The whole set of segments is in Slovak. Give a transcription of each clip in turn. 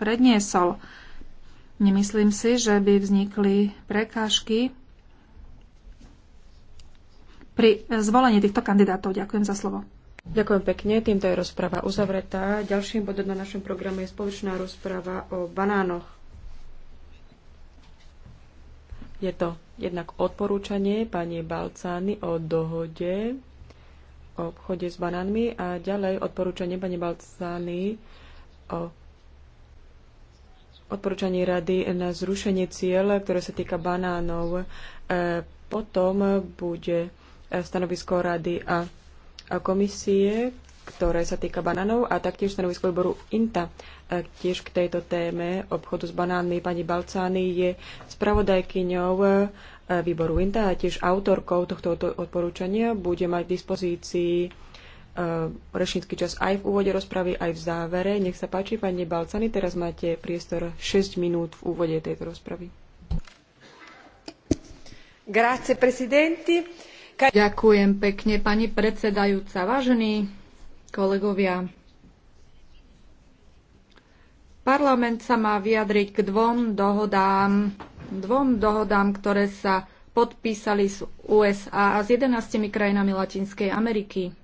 predniesol. Nemyslím si, že by vznikli prekážky pri zvolení týchto kandidátov. Ďakujem za slovo. Ďakujem pekne, týmto je rozprava uzavretá. Ďalším bodom na našom programe je spoločná rozprava o banánoch. Je to jednak odporúčanie pani Balcány o dohode o obchode s banánmi a ďalej odporúčanie pani Balcány o odporúčaní rady na zrušenie cieľ, ktoré sa týka banánov. E, potom bude e, stanovisko rady a komisie, ktoré sa týka banánov a taktiež stanovisko výboru INTA. E, tiež k tejto téme obchodu s banánmi pani Balcány je spravodajkyňou výboru INTA a tiež autorkou tohto odporúčania bude mať k dispozícii E, rečnícky čas aj v úvode rozpravy, aj v závere. Nech sa páči, pani Balcani, teraz máte priestor 6 minút v úvode tejto rozpravy. Grazie, presidenti. Ka Ďakujem pekne, pani predsedajúca. Vážení kolegovia, parlament sa má vyjadriť k dvom dohodám, dvom dohodám, ktoré sa podpísali z USA a s 11 krajinami Latinskej Ameriky.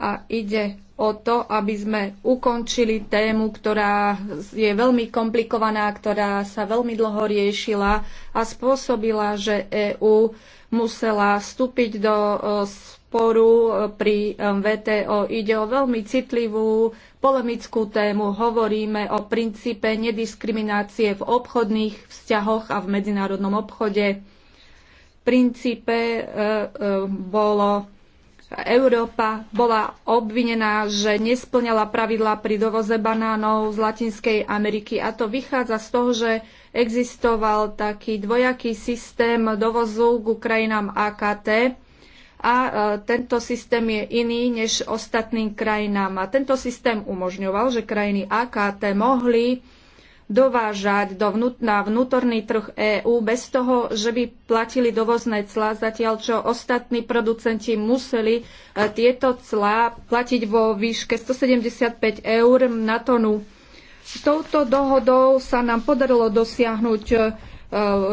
a ide o to, aby sme ukončili tému, ktorá je veľmi komplikovaná, ktorá sa veľmi dlho riešila a spôsobila, že EÚ musela vstúpiť do e, sporu e, pri e, VTO. Ide o veľmi citlivú polemickú tému. Hovoríme o princípe nediskriminácie v obchodných vzťahoch a v medzinárodnom obchode. V princípe bolo Európa bola obvinená, že nesplňala pravidlá pri dovoze banánov z Latinskej Ameriky a to vychádza z toho, že existoval taký dvojaký systém dovozu k krajinám AKT a e, tento systém je iný než ostatným krajinám. A tento systém umožňoval, že krajiny AKT mohli dovážať do vnút, na vnútorný trh EÚ bez toho, že by platili dovozné clá, zatiaľ čo ostatní producenti museli e, tieto clá platiť vo výške 175 eur na tonu. Touto dohodou sa nám podarilo dosiahnuť e,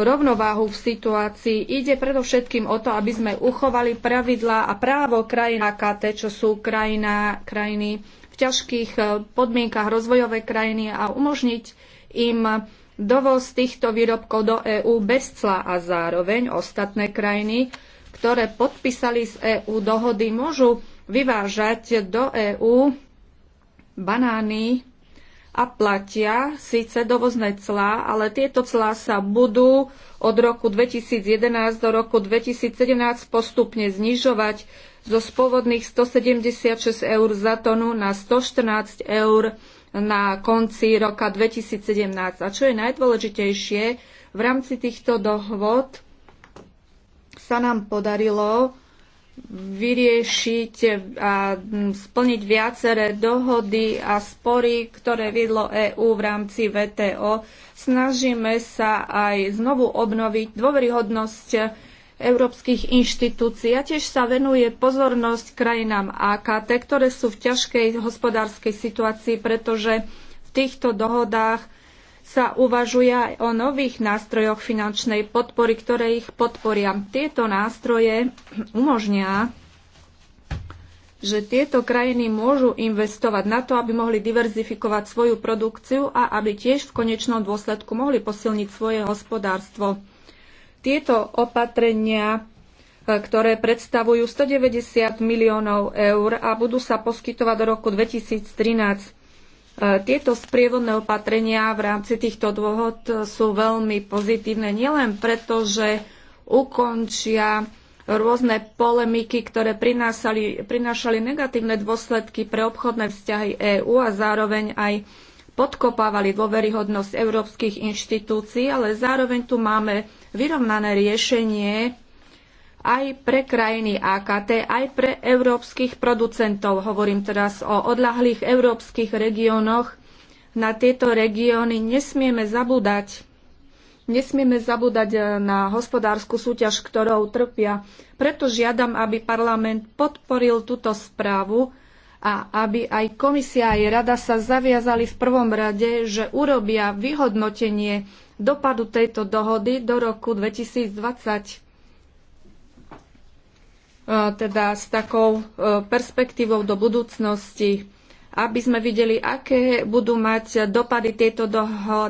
rovnováhu v situácii. Ide predovšetkým o to, aby sme uchovali pravidlá a právo krajín KT, čo sú krajina, krajiny v ťažkých e, podmienkach rozvojové krajiny a umožniť im dovoz týchto výrobkov do EÚ bez cla a zároveň ostatné krajiny, ktoré podpísali z EÚ dohody, môžu vyvážať do EÚ banány a platia síce dovozné clá, ale tieto clá sa budú od roku 2011 do roku 2017 postupne znižovať zo spôvodných 176 eur za tonu na 114 eur na konci roka 2017. A čo je najdôležitejšie, v rámci týchto dohôd sa nám podarilo vyriešiť a splniť viaceré dohody a spory, ktoré viedlo EÚ v rámci VTO. Snažíme sa aj znovu obnoviť dôveryhodnosť európskych inštitúcií a tiež sa venuje pozornosť krajinám AKT, ktoré sú v ťažkej hospodárskej situácii, pretože v týchto dohodách sa uvažuje aj o nových nástrojoch finančnej podpory, ktoré ich podporia. Tieto nástroje umožnia, že tieto krajiny môžu investovať na to, aby mohli diverzifikovať svoju produkciu a aby tiež v konečnom dôsledku mohli posilniť svoje hospodárstvo. Tieto opatrenia e, ktoré predstavujú 190 miliónov eur a budú sa poskytovať do roku 2013. E, tieto sprievodné opatrenia v rámci týchto dôvod sú veľmi pozitívne, nielen preto, že ukončia rôzne polemiky, ktoré prinášali, prinášali negatívne dôsledky pre obchodné vzťahy EÚ a zároveň aj podkopávali dôveryhodnosť európskych inštitúcií, ale zároveň tu máme vyrovnané riešenie aj pre krajiny AKT, aj pre európskych producentov. Hovorím teraz o odľahlých európskych regiónoch. Na tieto regióny nesmieme zabúdať. Nesmieme zabúdať e, na hospodárskú súťaž, ktorou trpia. Preto žiadam, aby parlament podporil túto správu a aby aj komisia aj rada sa zaviazali v prvom rade, že urobia vyhodnotenie dopadu tejto dohody do roku 2020 e, teda s takou e, perspektívou do budúcnosti, aby sme videli, aké budú mať dopady tieto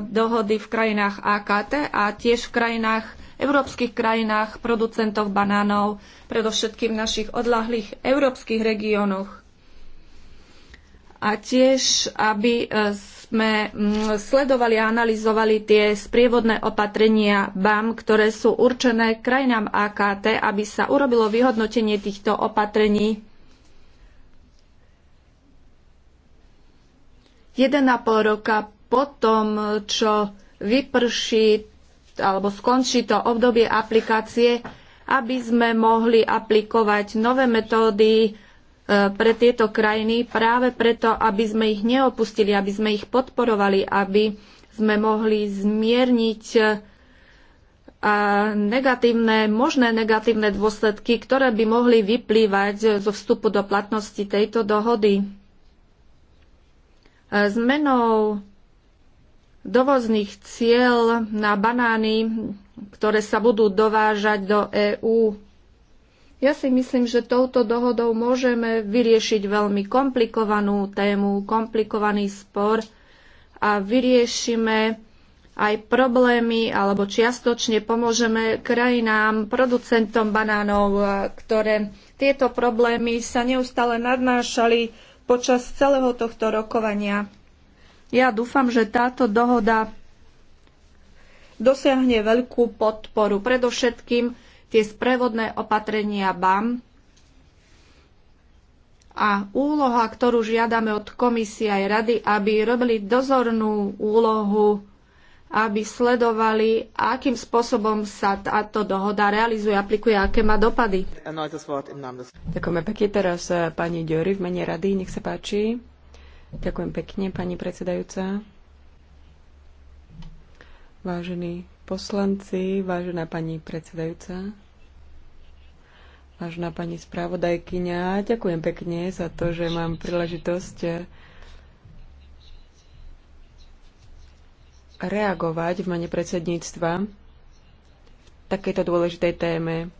dohody v krajinách AKT a tiež v krajinách, európskych krajinách producentov banánov, predovšetkým v našich odlahlých európskych regiónoch a tiež, aby e, sme sledovali a analyzovali tie sprievodné opatrenia BAM, ktoré sú určené krajinám AKT, aby sa urobilo vyhodnotenie týchto opatrení 1,5 roka po tom, čo vyprší alebo skončí to obdobie aplikácie, aby sme mohli aplikovať nové metódy E, pre tieto krajiny práve preto, aby sme ich neopustili, aby sme ich podporovali, aby sme mohli zmierniť e, a negatívne, možné negatívne dôsledky, ktoré by mohli vyplývať zo vstupu do platnosti tejto dohody. E, zmenou dovozných cieľ na banány, ktoré sa budú dovážať do EÚ, ja si myslím, že touto dohodou môžeme vyriešiť veľmi komplikovanú tému, komplikovaný spor a vyriešime aj problémy alebo čiastočne pomôžeme krajinám, producentom banánov, ktoré tieto problémy sa neustále nadnášali počas celého tohto rokovania. Ja dúfam, že táto dohoda dosiahne veľkú podporu. Predovšetkým tie sprevodné opatrenia BAM a úloha, ktorú žiadame od komisie aj rady, aby robili dozornú úlohu, aby sledovali, akým spôsobom sa táto dohoda realizuje, aplikuje, aké má dopady. Ďakujeme pekne teraz eh, pani Diori v mene rady, nech sa páči. Ďakujem pekne, pani predsedajúca. Vážení poslanci, vážená pani predsedajúca, Vážená pani správodajkyňa, ďakujem pekne za to, že mám príležitosť reagovať v mene predsedníctva v takejto dôležitej téme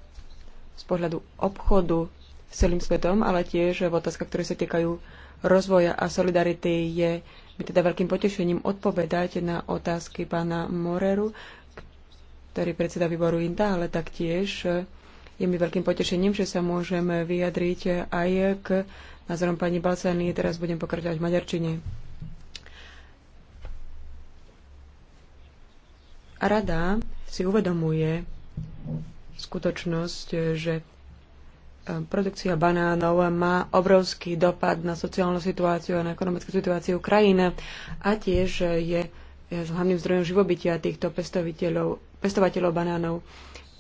z pohľadu obchodu s celým svetom, ale tiež v otázkach, ktoré sa týkajú rozvoja a solidarity je mi teda veľkým potešením odpovedať na otázky pána Moreru, ktorý predseda výboru INTA, ale taktiež je mi veľkým potešením, že sa môžem vyjadriť aj k názorom pani Balcany. Teraz budem pokračovať v maďarčine. Rada si uvedomuje skutočnosť, že e, produkcia banánov má obrovský dopad na sociálnu situáciu a na ekonomickú situáciu krajín a tiež je hlavným zdrojom živobytia týchto pestovateľov banánov.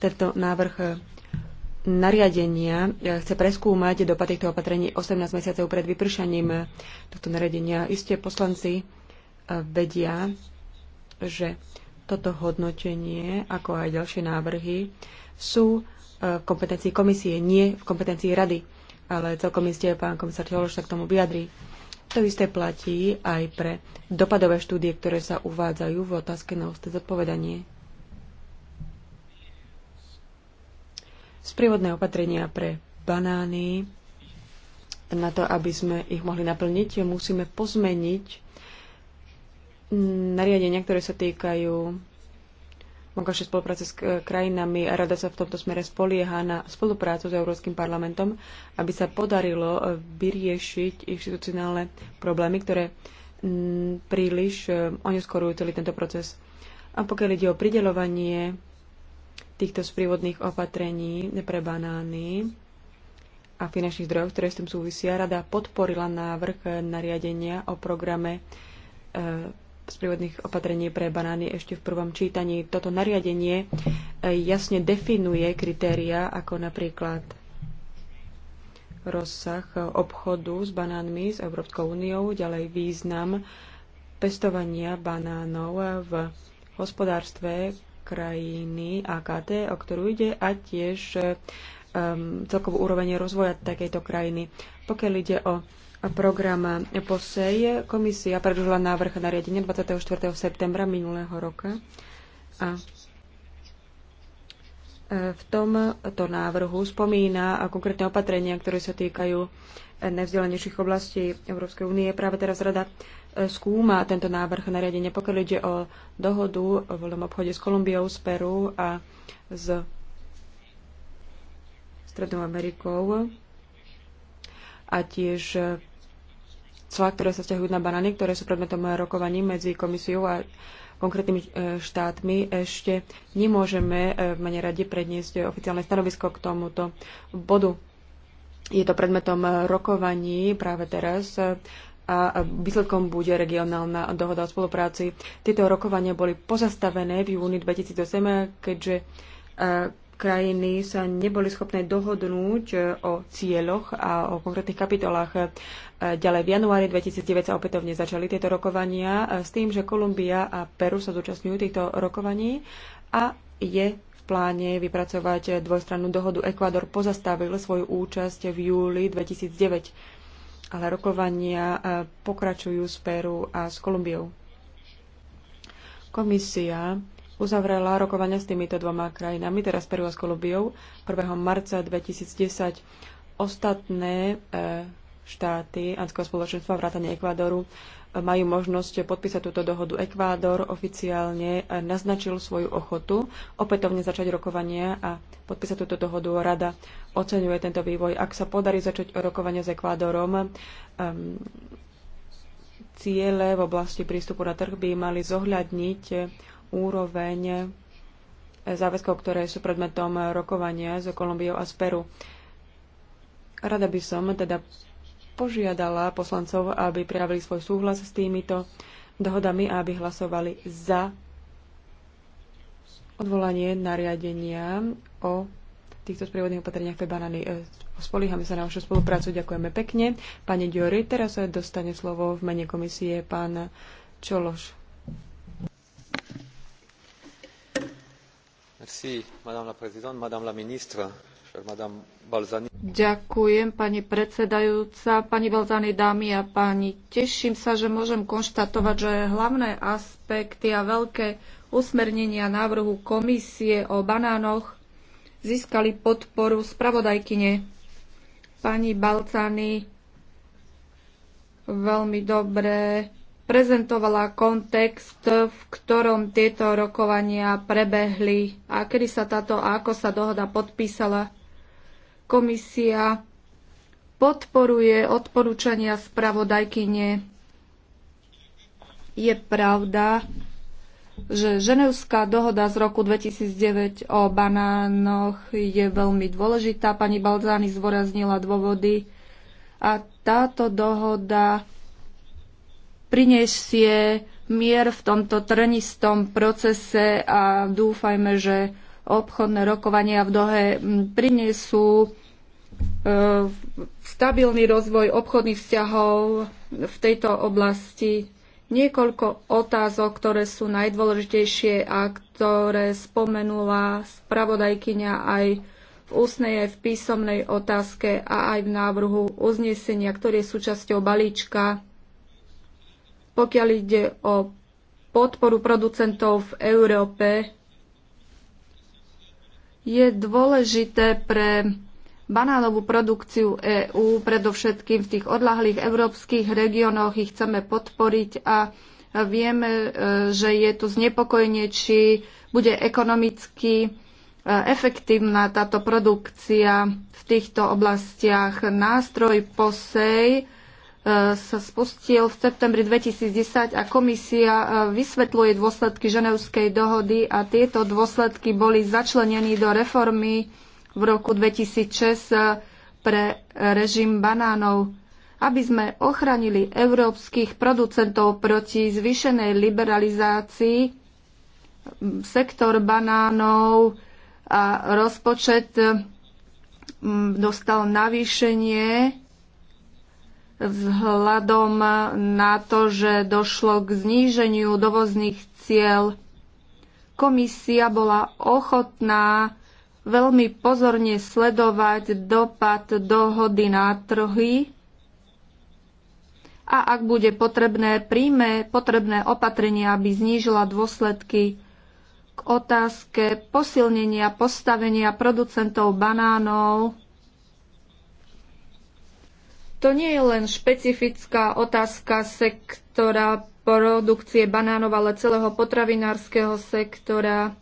Tento návrh nariadenia e, chce preskúmať dopad týchto opatrení 18 mesiacov pred vypršaním e, tohto nariadenia. Isté poslanci e, vedia, že toto hodnotenie, ako aj ďalšie návrhy, sú v kompetencii komisie, nie v kompetencii rady. Ale celkom isté pán komisár Čološ sa k tomu vyjadrí. To isté platí aj pre dopadové štúdie, ktoré sa uvádzajú v otázke na ústne zodpovedanie. sprievodné opatrenia pre banány. Na to, aby sme ich mohli naplniť, musíme pozmeniť nariadenia, ktoré sa týkajú vonkajšej spolupráce s krajinami a rada sa v tomto smere spolieha na spoluprácu s Európskym parlamentom, aby sa podarilo e, vyriešiť inštitucionálne problémy, ktoré príliš e, oneskorujú celý tento proces. A pokiaľ ide o prideľovanie týchto sprievodných opatrení pre banány a finančných zdrojov, ktoré s tým súvisia, rada podporila návrh nariadenia o programe e, sprievodných opatrení pre banány ešte v prvom čítaní. Toto nariadenie e, jasne definuje kritéria ako napríklad rozsah obchodu s banánmi s Európskou úniou, ďalej význam pestovania banánov v hospodárstve, krajiny AKT, o ktorú ide, a tiež um, celkovú úroveň rozvoja takejto krajiny. Pokiaľ ide o program POSEJ, komisia predložila návrh nariadenia 24. septembra minulého roka a e, v tomto návrhu spomína konkrétne opatrenia, ktoré sa týkajú najvzdelenejších oblastí Európskej únie. Práve teraz rada E, skúma tento návrh nariadenia, pokiaľ ide o dohodu o voľnom obchode s Kolumbiou, z Peru a s Strednou Amerikou a tiež clá, ktoré sa vzťahujú na banány, ktoré sú predmetom rokovaní medzi komisiou a konkrétnymi e, štátmi. Ešte nemôžeme e, v mene rade predniesť oficiálne stanovisko k tomuto bodu. Je to predmetom rokovaní práve teraz a výsledkom bude regionálna dohoda o spolupráci. Tieto rokovania boli pozastavené v júni 2008, keďže e, krajiny sa neboli schopné dohodnúť e, o cieľoch a o konkrétnych kapitolách. E, ďalej v januári 2009 sa opätovne začali tieto rokovania s tým, že Kolumbia a Peru sa zúčastňujú týchto rokovaní a je v pláne vypracovať dvojstrannú dohodu. Ekvador pozastavil svoju účasť v júli 2009 ale rokovania e, pokračujú s Peru a s Kolumbiou. Komisia uzavrela rokovania s týmito dvoma krajinami, teraz Peru a s Kolumbiou, 1. marca 2010. Ostatné e, štáty Andského spoločenstva vrátane Ekvádoru e, majú možnosť podpísať túto dohodu. Ekvádor oficiálne e, naznačil svoju ochotu opätovne začať rokovania a podpísať túto dohodu. Rada oceňuje tento vývoj. Ak sa podarí začať rokovania s Ekvádorom, um, ciele v oblasti prístupu na trh by mali zohľadniť úroveň záväzkov, ktoré sú predmetom rokovania s Kolumbiou a z Peru. Rada by som teda požiadala poslancov, aby prijavili svoj súhlas s týmito dohodami a aby hlasovali za odvolanie nariadenia o týchto sprievodných opatreniach pre banany. E, Spolíhame sa na vašu spoluprácu. Ďakujeme pekne. Pane Diori, teraz dostane slovo v mene komisie pán Čološ. Merci, madame la présidente, madame la ministre. Ďakujem, pani predsedajúca. Pani Balzani, dámy a páni, teším sa, že môžem konštatovať, že hlavné aspekty a veľké usmernenia návrhu komisie o banánoch získali podporu spravodajkyne. Pani Balzani veľmi dobre prezentovala kontext, v ktorom tieto rokovania prebehli a kedy sa táto a ako sa dohoda podpísala. Komisia podporuje odporúčania spravodajkyne. Je pravda, že Ženevská dohoda z roku 2009 o banánoch je veľmi dôležitá. Pani Balzány zvoraznila dôvody a táto dohoda prinesie mier v tomto trnistom procese a dúfajme, že obchodné rokovania v Dohe prinesú e, stabilný rozvoj obchodných vzťahov v tejto oblasti. Niekoľko otázok, ktoré sú najdôležitejšie a ktoré spomenula spravodajkyňa aj v ústnej, aj v písomnej otázke a aj v návrhu uznesenia, ktorý je súčasťou balíčka. Pokiaľ ide o podporu producentov v Európe, je dôležité pre banánovú produkciu EÚ, predovšetkým v tých odlahlých európskych regiónoch ich chceme podporiť a vieme, e, že je tu znepokojenie, či bude ekonomicky e, efektívna táto produkcia v týchto oblastiach. Nástroj POSEJ E, sa spustil v septembri 2010 a komisia e, vysvetľuje dôsledky Ženevskej dohody a tieto dôsledky boli začlenení do reformy v roku 2006 e, pre režim banánov, aby sme ochránili európskych producentov proti zvýšenej liberalizácii sektor banánov a rozpočet dostal navýšenie vzhľadom na to, že došlo k zníženiu dovozných cieľ. Komisia bola ochotná veľmi pozorne sledovať dopad dohody na trhy a ak bude potrebné, príjme potrebné opatrenia, aby znížila dôsledky k otázke posilnenia postavenia producentov banánov to nie je len špecifická otázka sektora produkcie banánov, ale celého potravinárskeho sektora.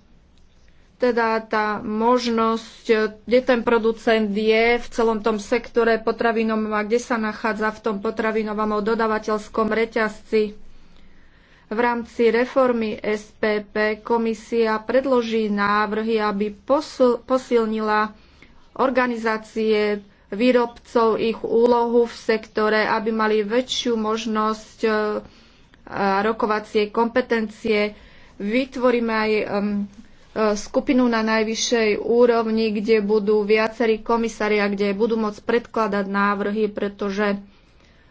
Teda tá možnosť, kde ten producent je v celom tom sektore potravinom a kde sa nachádza v tom potravinovom dodavateľskom reťazci. V rámci reformy SPP komisia predloží návrhy, aby posilnila organizácie výrobcov, ich úlohu v sektore, aby mali väčšiu možnosť e, rokovacie kompetencie. Vytvoríme aj e, skupinu na najvyššej úrovni, kde budú viacerí komisári a kde budú môcť predkladať návrhy, pretože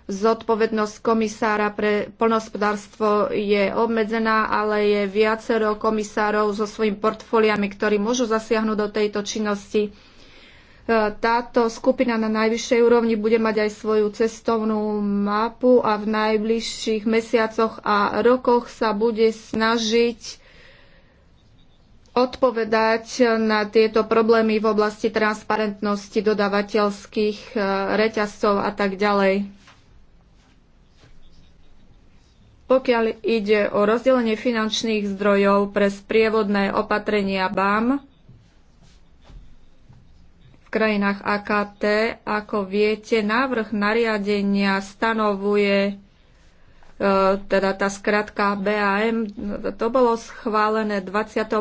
zodpovednosť komisára pre plnospodárstvo je obmedzená, ale je viacero komisárov so svojimi portfóliami, ktorí môžu zasiahnuť do tejto činnosti. Táto skupina na najvyššej úrovni bude mať aj svoju cestovnú mapu a v najbližších mesiacoch a rokoch sa bude snažiť odpovedať na tieto problémy v oblasti transparentnosti dodávateľských e, reťazcov a tak ďalej. Pokiaľ ide o rozdelenie finančných zdrojov pre sprievodné opatrenia BAM, v krajinách AKT. Ako viete, návrh nariadenia stanovuje e, teda tá skratka BAM, to bolo schválené 21.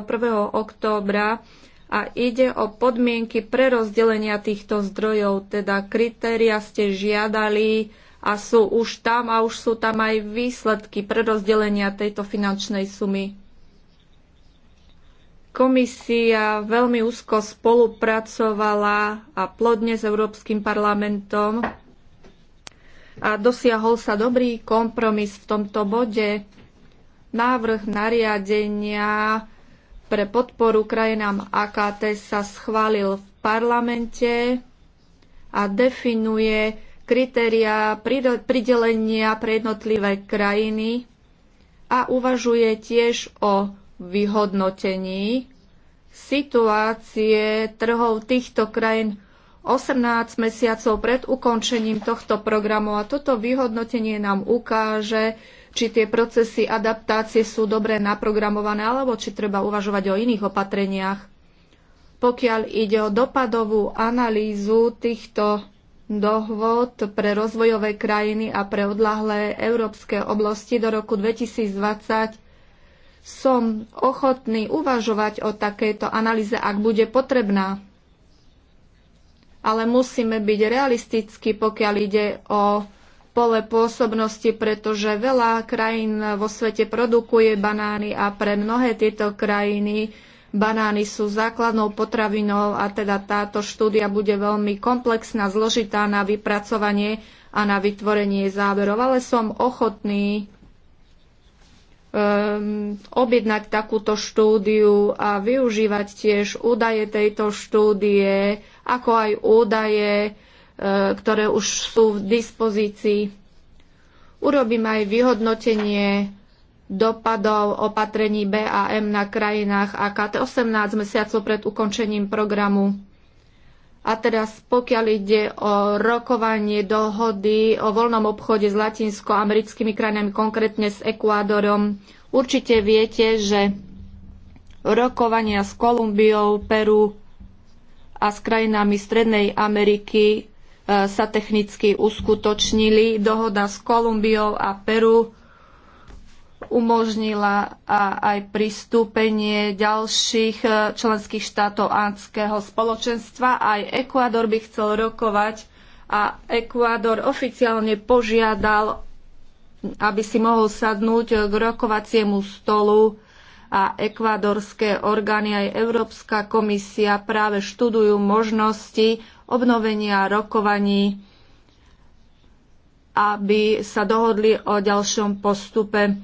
októbra a ide o podmienky prerozdelenia týchto zdrojov, teda kritéria ste žiadali a sú už tam a už sú tam aj výsledky prerozdelenia tejto finančnej sumy. Komisia veľmi úzko spolupracovala a plodne s Európskym parlamentom a dosiahol sa dobrý kompromis v tomto bode. Návrh nariadenia pre podporu krajinám AKT sa schválil v parlamente a definuje kritériá pridelenia pre jednotlivé krajiny a uvažuje tiež o vyhodnotení situácie trhov týchto krajín 18 mesiacov pred ukončením tohto programu a toto vyhodnotenie nám ukáže, či tie procesy adaptácie sú dobre naprogramované alebo či treba uvažovať o iných opatreniach. Pokiaľ ide o dopadovú analýzu týchto dohôd pre rozvojové krajiny a pre odlahlé európske oblasti do roku 2020, som ochotný uvažovať o takejto analýze, ak bude potrebná. Ale musíme byť realistickí, pokiaľ ide o pole pôsobnosti, pretože veľa krajín vo svete produkuje banány a pre mnohé tieto krajiny banány sú základnou potravinou a teda táto štúdia bude veľmi komplexná, zložitá na vypracovanie a na vytvorenie záverov, ale som ochotný um, objednať takúto štúdiu a využívať tiež údaje tejto štúdie, ako aj údaje, uh, ktoré už sú v dispozícii. Urobím aj vyhodnotenie dopadov opatrení BAM na krajinách AKT 18 mesiacov pred ukončením programu. A teraz pokiaľ ide o rokovanie dohody o voľnom obchode s latinskoamerickými krajinami, konkrétne s Ekvádorom, určite viete, že rokovania s Kolumbiou, Peru a s krajinami Strednej Ameriky e, sa technicky uskutočnili. Dohoda s Kolumbiou a Peru umožnila aj pristúpenie ďalších e, členských štátov Andského spoločenstva. Aj Ekvádor by chcel rokovať a Ekvádor oficiálne požiadal, aby si mohol sadnúť k rokovaciemu stolu a ekvádorské orgány aj Európska komisia práve študujú možnosti obnovenia rokovaní, aby sa dohodli o ďalšom postupe.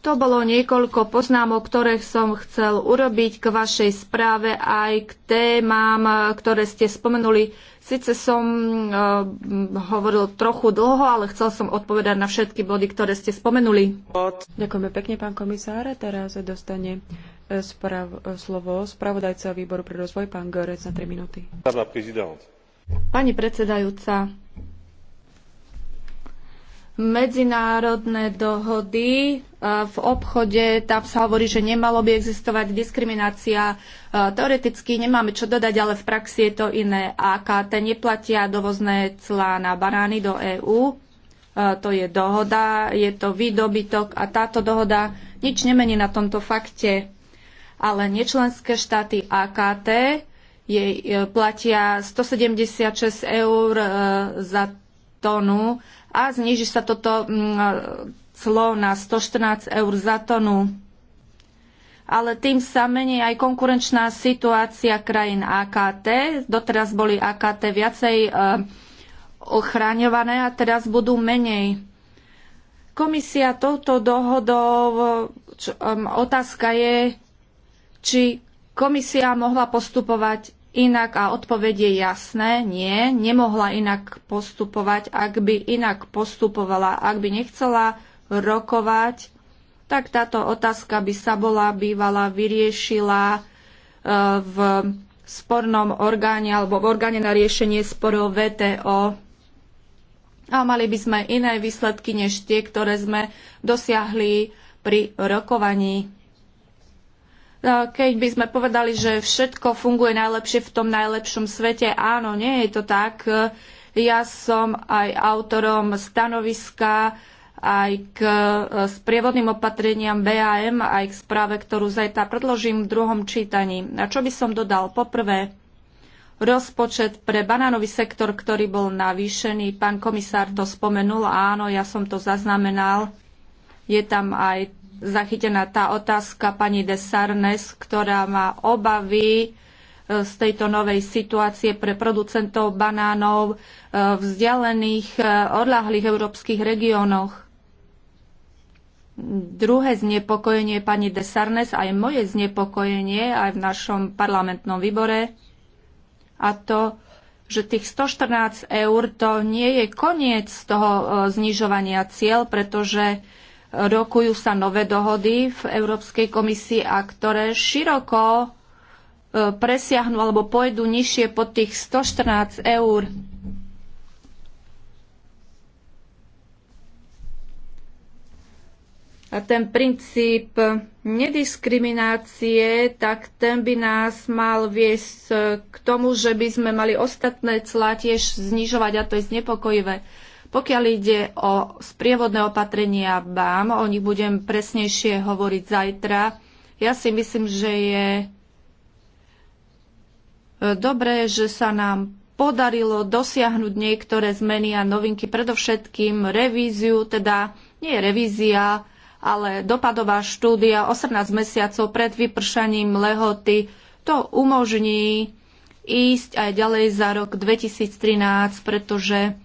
To bolo niekoľko poznámok, ktoré som chcel urobiť k vašej správe aj k témám, ktoré ste spomenuli. Sice som uh, hovoril trochu dlho, ale chcel som odpovedať na všetky body, ktoré ste spomenuli. Ďakujeme pekne, pán komisár. Teraz dostane eh, sprav- eh, slovo spravodajca výboru pre rozvoj, pán Görec, na 3 minúty. Pani predsedajúca, medzinárodné dohody v obchode, tam sa hovorí, že nemalo by existovať diskriminácia. Teoreticky nemáme čo dodať, ale v praxi je to iné. AKT neplatia dovozné clá na banány do EÚ. To je dohoda, je to výdobytok a táto dohoda nič nemení na tomto fakte. Ale nečlenské štáty AKT jej e, platia 176 eur e, za tonu a zniží sa toto mm, clo na 114 eur za tonu. Ale tým sa mení aj konkurenčná situácia krajín AKT. Doteraz boli AKT viacej e, ochraňované a teraz budú menej. Komisia touto dohodou, čo, otázka je, či komisia mohla postupovať inak a odpoveď je jasné, nie, nemohla inak postupovať, ak by inak postupovala, ak by nechcela rokovať, tak táto otázka by sa bola bývala vyriešila e, v spornom orgáne alebo v orgáne na riešenie sporov VTO a mali by sme iné výsledky než tie, ktoré sme dosiahli pri rokovaní keď by sme povedali, že všetko funguje najlepšie v tom najlepšom svete, áno, nie je to tak. Ja som aj autorom stanoviska aj k e, sprievodným opatreniam BAM, aj k správe, ktorú zajtra predložím v druhom čítaní. A čo by som dodal? Poprvé, rozpočet pre banánový sektor, ktorý bol navýšený, pán komisár to spomenul, áno, ja som to zaznamenal. Je tam aj zachytená tá otázka pani de Sarnes, ktorá má obavy e, z tejto novej situácie pre producentov banánov e, v vzdialených, e, odláhlých európskych regiónoch. Druhé znepokojenie pani de Sarnes, aj moje znepokojenie, aj v našom parlamentnom výbore, a to, že tých 114 eur to nie je koniec toho znižovania cieľ, pretože rokujú sa nové dohody v Európskej komisii a ktoré široko e, presiahnu alebo pôjdu nižšie pod tých 114 eur. A ten princíp nediskriminácie, tak ten by nás mal viesť k tomu, že by sme mali ostatné clá tiež znižovať a to je znepokojivé. Pokiaľ ide o sprievodné opatrenia BAM, o nich budem presnejšie hovoriť zajtra, ja si myslím, že je e, dobré, že sa nám podarilo dosiahnuť niektoré zmeny a novinky, predovšetkým revíziu, teda nie revízia, ale dopadová štúdia 18 mesiacov pred vypršaním lehoty. To umožní ísť aj ďalej za rok 2013, pretože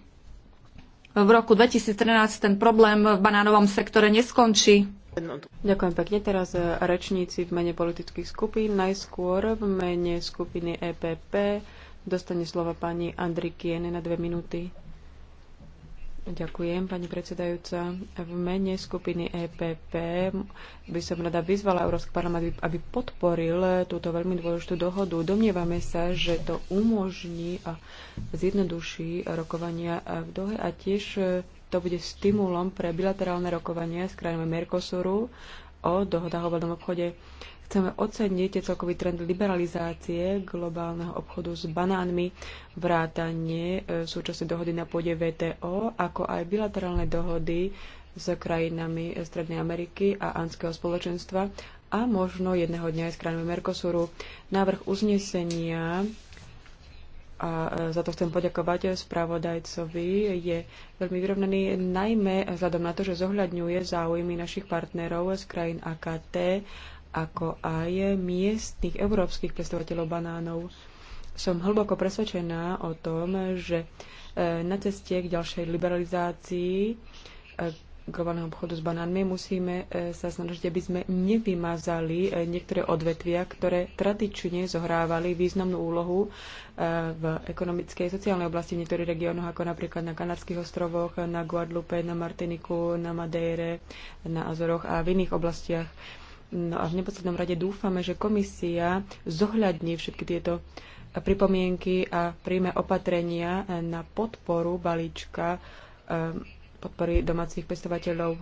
v roku 2013 ten problém v banánovom sektore neskončí. Ďakujem pekne. Teraz e, rečníci v mene politických skupín. Najskôr v mene skupiny EPP dostane slovo pani Andrikiene na dve minúty. Ďakujem, pani predsedajúca. V mene skupiny EPP by som rada vyzvala Európsky parlament, aby podporil túto veľmi dôležitú dohodu. Domnievame sa, že to umožní a zjednoduší rokovania v dohe a tiež to bude stimulom pre bilaterálne rokovania s krajinami Mercosuru o dohodách o voľnom obchode. Chceme oceniť celkový trend liberalizácie globálneho obchodu s banánmi, vrátanie e, súčasnej dohody na pôde VTO, ako aj bilaterálne dohody s krajinami e, Strednej Ameriky a Anského spoločenstva a možno jedného dňa aj s krajinami Mercosuru. Návrh uznesenia a e, za to chcem poďakovať spravodajcovi, je veľmi vyrovnaný, najmä vzhľadom na to, že zohľadňuje záujmy našich partnerov z krajín AKT ako aj miestnych európskych pestovateľov banánov. Som hlboko presvedčená o tom, že e, na ceste k ďalšej liberalizácii e, globálneho obchodu s banánmi musíme e, sa snažiť, aby sme nevymazali niektoré odvetvia, ktoré tradične zohrávali významnú úlohu v ekonomickej a sociálnej oblasti v niektorých regiónoch, ako napríklad na Kanadských ostrovoch, na Guadalupe, na Martiniku, na Madeire, na Azoroch a v iných oblastiach. No a v neposlednom rade dúfame, že komisia zohľadní všetky tieto pripomienky a príjme opatrenia na podporu balíčka ehm, podpory domácich pestovateľov.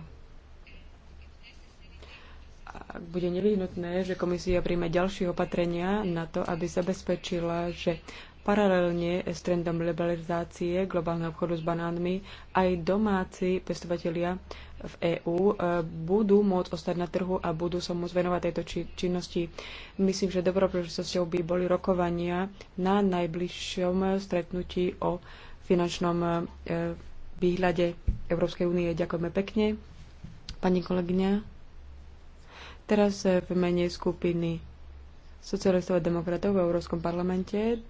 Ak bude nevyhnutné, že komisia príjme ďalšie opatrenia na to, aby zabezpečila, že Paralelne s trendom liberalizácie globálneho obchodu s banánmi aj domáci pestovatelia v EÚ eh, budú môcť ostať na trhu a budú sa môcť venovať tejto či činnosti. Myslím, že dobrou príležitosťou by boli rokovania na najbližšom stretnutí o finančnom eh, výhľade Európskej únie. Ďakujeme pekne, pani kolegyňa. Teraz eh, v mene skupiny socialistov a demokratov v Európskom parlamente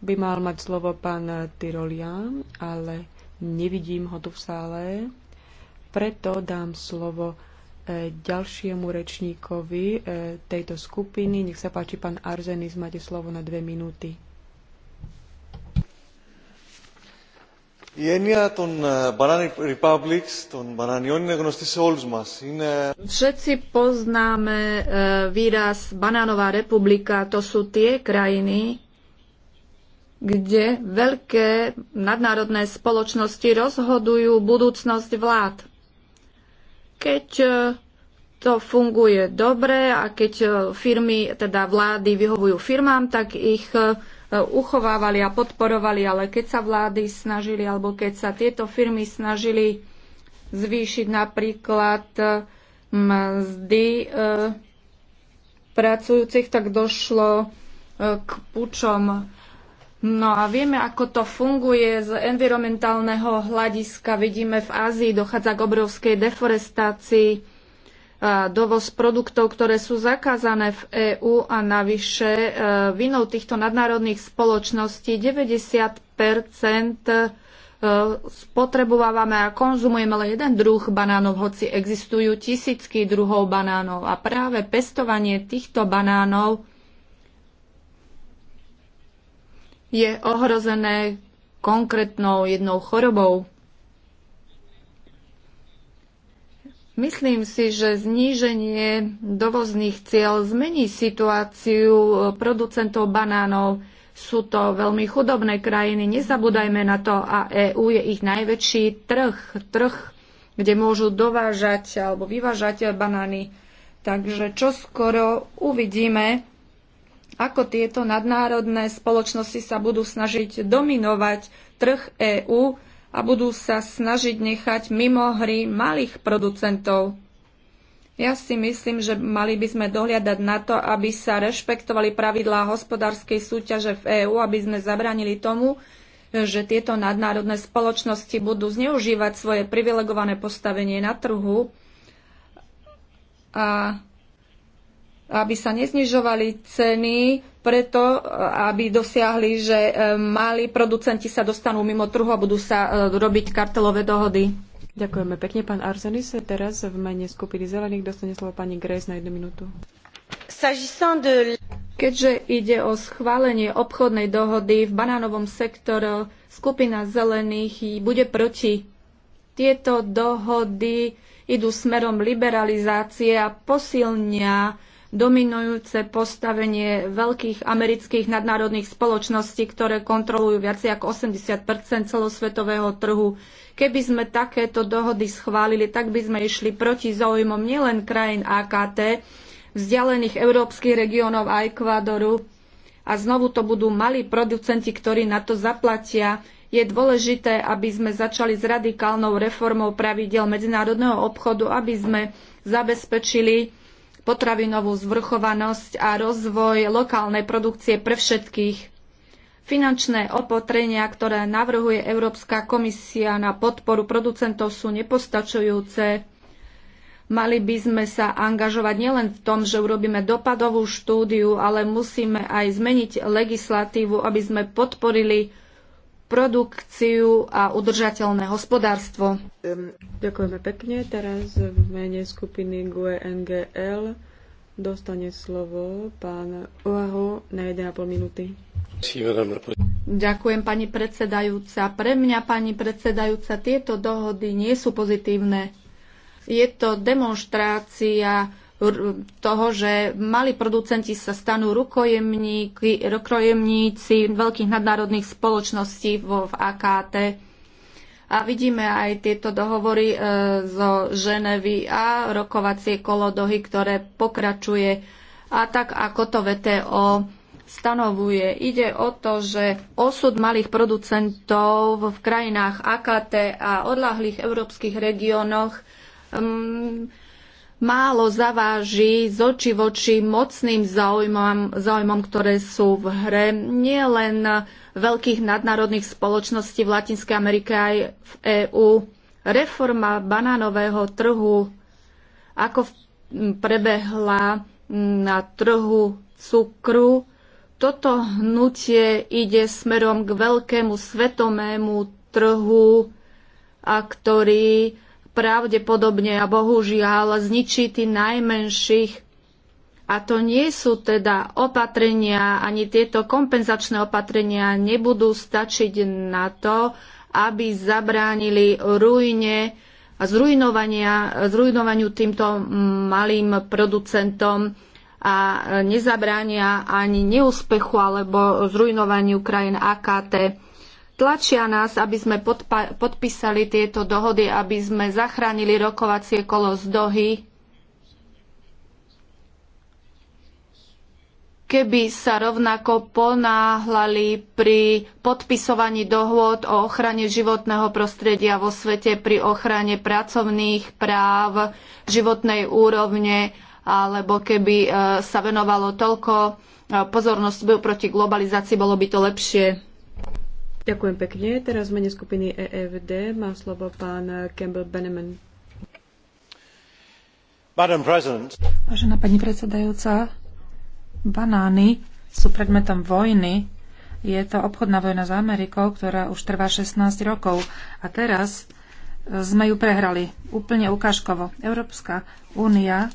by mal mať slovo pán Tyrolian, ale nevidím ho tu v sále. Preto dám slovo e, ďalšiemu rečníkovi e, tejto skupiny. Nech sa páči, pán Arzenis, máte slovo na dve minúty. Η έννοια των Banana Republics, των είναι γνωστή σε όλους μας. Είναι... Všetci poznáme výraz Banánová republika. To sú tie krajiny, kde veľké nadnárodné spoločnosti rozhodujú budúcnosť vlád. Keď e, to funguje dobre a keď e, firmy, teda vlády vyhovujú firmám, tak ich e, uchovávali a podporovali, ale keď sa vlády snažili, alebo keď sa tieto firmy snažili zvýšiť napríklad mzdy pracujúcich, tak došlo k pučom No a vieme, ako to funguje z environmentálneho hľadiska. Vidíme v Ázii dochádza k obrovskej deforestácii, dovoz produktov, ktoré sú zakázané v EÚ a navyše e, vinou týchto nadnárodných spoločností 90 e, spotrebovávame a konzumujeme len jeden druh banánov, hoci existujú tisícky druhov banánov. A práve pestovanie týchto banánov je ohrozené konkrétnou jednou chorobou. Myslím si, že zníženie dovozných cieľ zmení situáciu producentov banánov. Sú to veľmi chudobné krajiny, nezabúdajme na to a EÚ je ich najväčší trh, trh, kde môžu dovážať alebo vyvážať banány. Takže čo skoro uvidíme, ako tieto nadnárodné spoločnosti sa budú snažiť dominovať trh EÚ a budú sa snažiť nechať mimo hry malých producentov. Ja si myslím, že mali by sme dohliadať na to, aby sa rešpektovali pravidlá hospodárskej súťaže v EÚ, aby sme zabranili tomu, že tieto nadnárodné spoločnosti budú zneužívať svoje privilegované postavenie na trhu a aby sa neznižovali ceny preto, e, aby dosiahli, že e, mali producenti sa dostanú mimo trhu a budú sa e, robiť kartelové dohody. Ďakujeme pekne, pán Arsenis. Teraz v mene skupiny Zelených dostane slovo pani Grace na jednu minútu. Keďže ide o schválenie obchodnej dohody v banánovom sektore, skupina Zelených bude proti. Tieto dohody idú smerom liberalizácie a posilnia dominujúce postavenie veľkých amerických nadnárodných spoločností, ktoré kontrolujú viac ako 80 celosvetového trhu. Keby sme takéto dohody schválili, tak by sme išli proti záujmom nielen krajín AKT, vzdialených európskych regiónov a Ekvádoru. A znovu to budú malí producenti, ktorí na to zaplatia. Je dôležité, aby sme začali s radikálnou reformou pravidel medzinárodného obchodu, aby sme zabezpečili potravinovú zvrchovanosť a rozvoj lokálnej produkcie pre všetkých. Finančné opatrenia, ktoré navrhuje Európska komisia na podporu producentov, sú nepostačujúce. Mali by sme sa angažovať nielen v tom, že urobíme dopadovú štúdiu, ale musíme aj zmeniť legislatívu, aby sme podporili produkciu a udržateľné hospodárstvo. Ďakujeme pekne. Teraz v mene skupiny GUE NGL dostane slovo pán Oaho na 1,5 minúty. Ďakujem, pani predsedajúca. Pre mňa, pani predsedajúca, tieto dohody nie sú pozitívne. Je to demonstrácia toho, že mali producenti sa stanú rukojemníci, rukojemníci veľkých nadnárodných spoločností vo, v AKT. A vidíme aj tieto dohovory e, zo Ženevy a rokovacie kolodohy, ktoré pokračuje a tak ako to VTO stanovuje. Ide o to, že osud malých producentov v krajinách AKT a odlahlých európskych regiónoch um, e, málo zaváži z oči voči mocným záujmom, záujmom, ktoré sú v hre nielen veľkých nadnárodných spoločností v Latinskej Amerike aj v EÚ. Reforma banánového trhu, ako prebehla na trhu cukru, toto hnutie ide smerom k veľkému svetomému trhu, a ktorý pravdepodobne a bohužiaľ zničí tých najmenších. A to nie sú teda opatrenia, ani tieto kompenzačné opatrenia nebudú stačiť na to, aby zabránili ruine a zrujnovania, zrujnovaniu týmto malým producentom a nezabránia ani neúspechu alebo zrujnovaniu krajín AKT tlačia nás, aby sme podpísali tieto dohody, aby sme zachránili rokovacie kolo z dohy. Keby sa rovnako ponáhlali pri podpisovaní dohôd o ochrane životného prostredia vo svete, pri ochrane pracovných práv, životnej úrovne, alebo keby e, sa venovalo toľko e, pozornosť boju proti globalizácii, bolo by to lepšie. Ďakujem pekne. Teraz v mene skupiny EFD má slovo pán Campbell Beneman. Vážená pani predsedajúca, banány sú predmetom vojny. Je to obchodná vojna s Amerikou, ktorá už trvá 16 rokov. A teraz e, sme ju prehrali úplne ukážkovo. Európska únia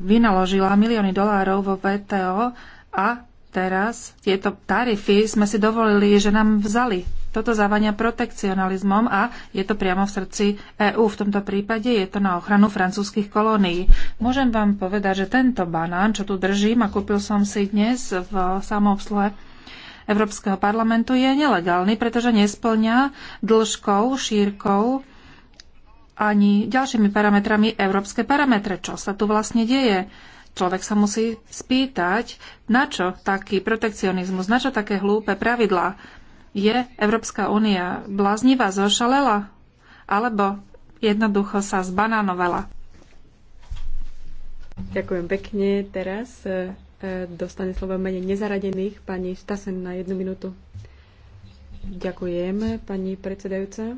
vynaložila milióny dolárov vo VTO a teraz tieto tarify sme si dovolili, že nám vzali. Toto zavania protekcionalizmom a je to priamo v srdci EÚ. V tomto prípade je to na ochranu francúzskych kolónií. Môžem vám povedať, že tento banán, čo tu držím a kúpil som si dnes v samoobsluhe Európskeho parlamentu, je nelegálny, pretože nesplňa dĺžkou, šírkou ani ďalšími parametrami európske parametre. Čo sa tu vlastne deje? Človek sa musí spýtať, na čo taký protekcionizmus, na čo také hlúpe pravidlá. Je Európska únia bláznivá, zošalela? Alebo jednoducho sa zbanánovala? Ďakujem pekne. Teraz e, e, dostane slovo menej nezaradených pani Stasen na jednu minútu. Ďakujem, pani predsedajúca.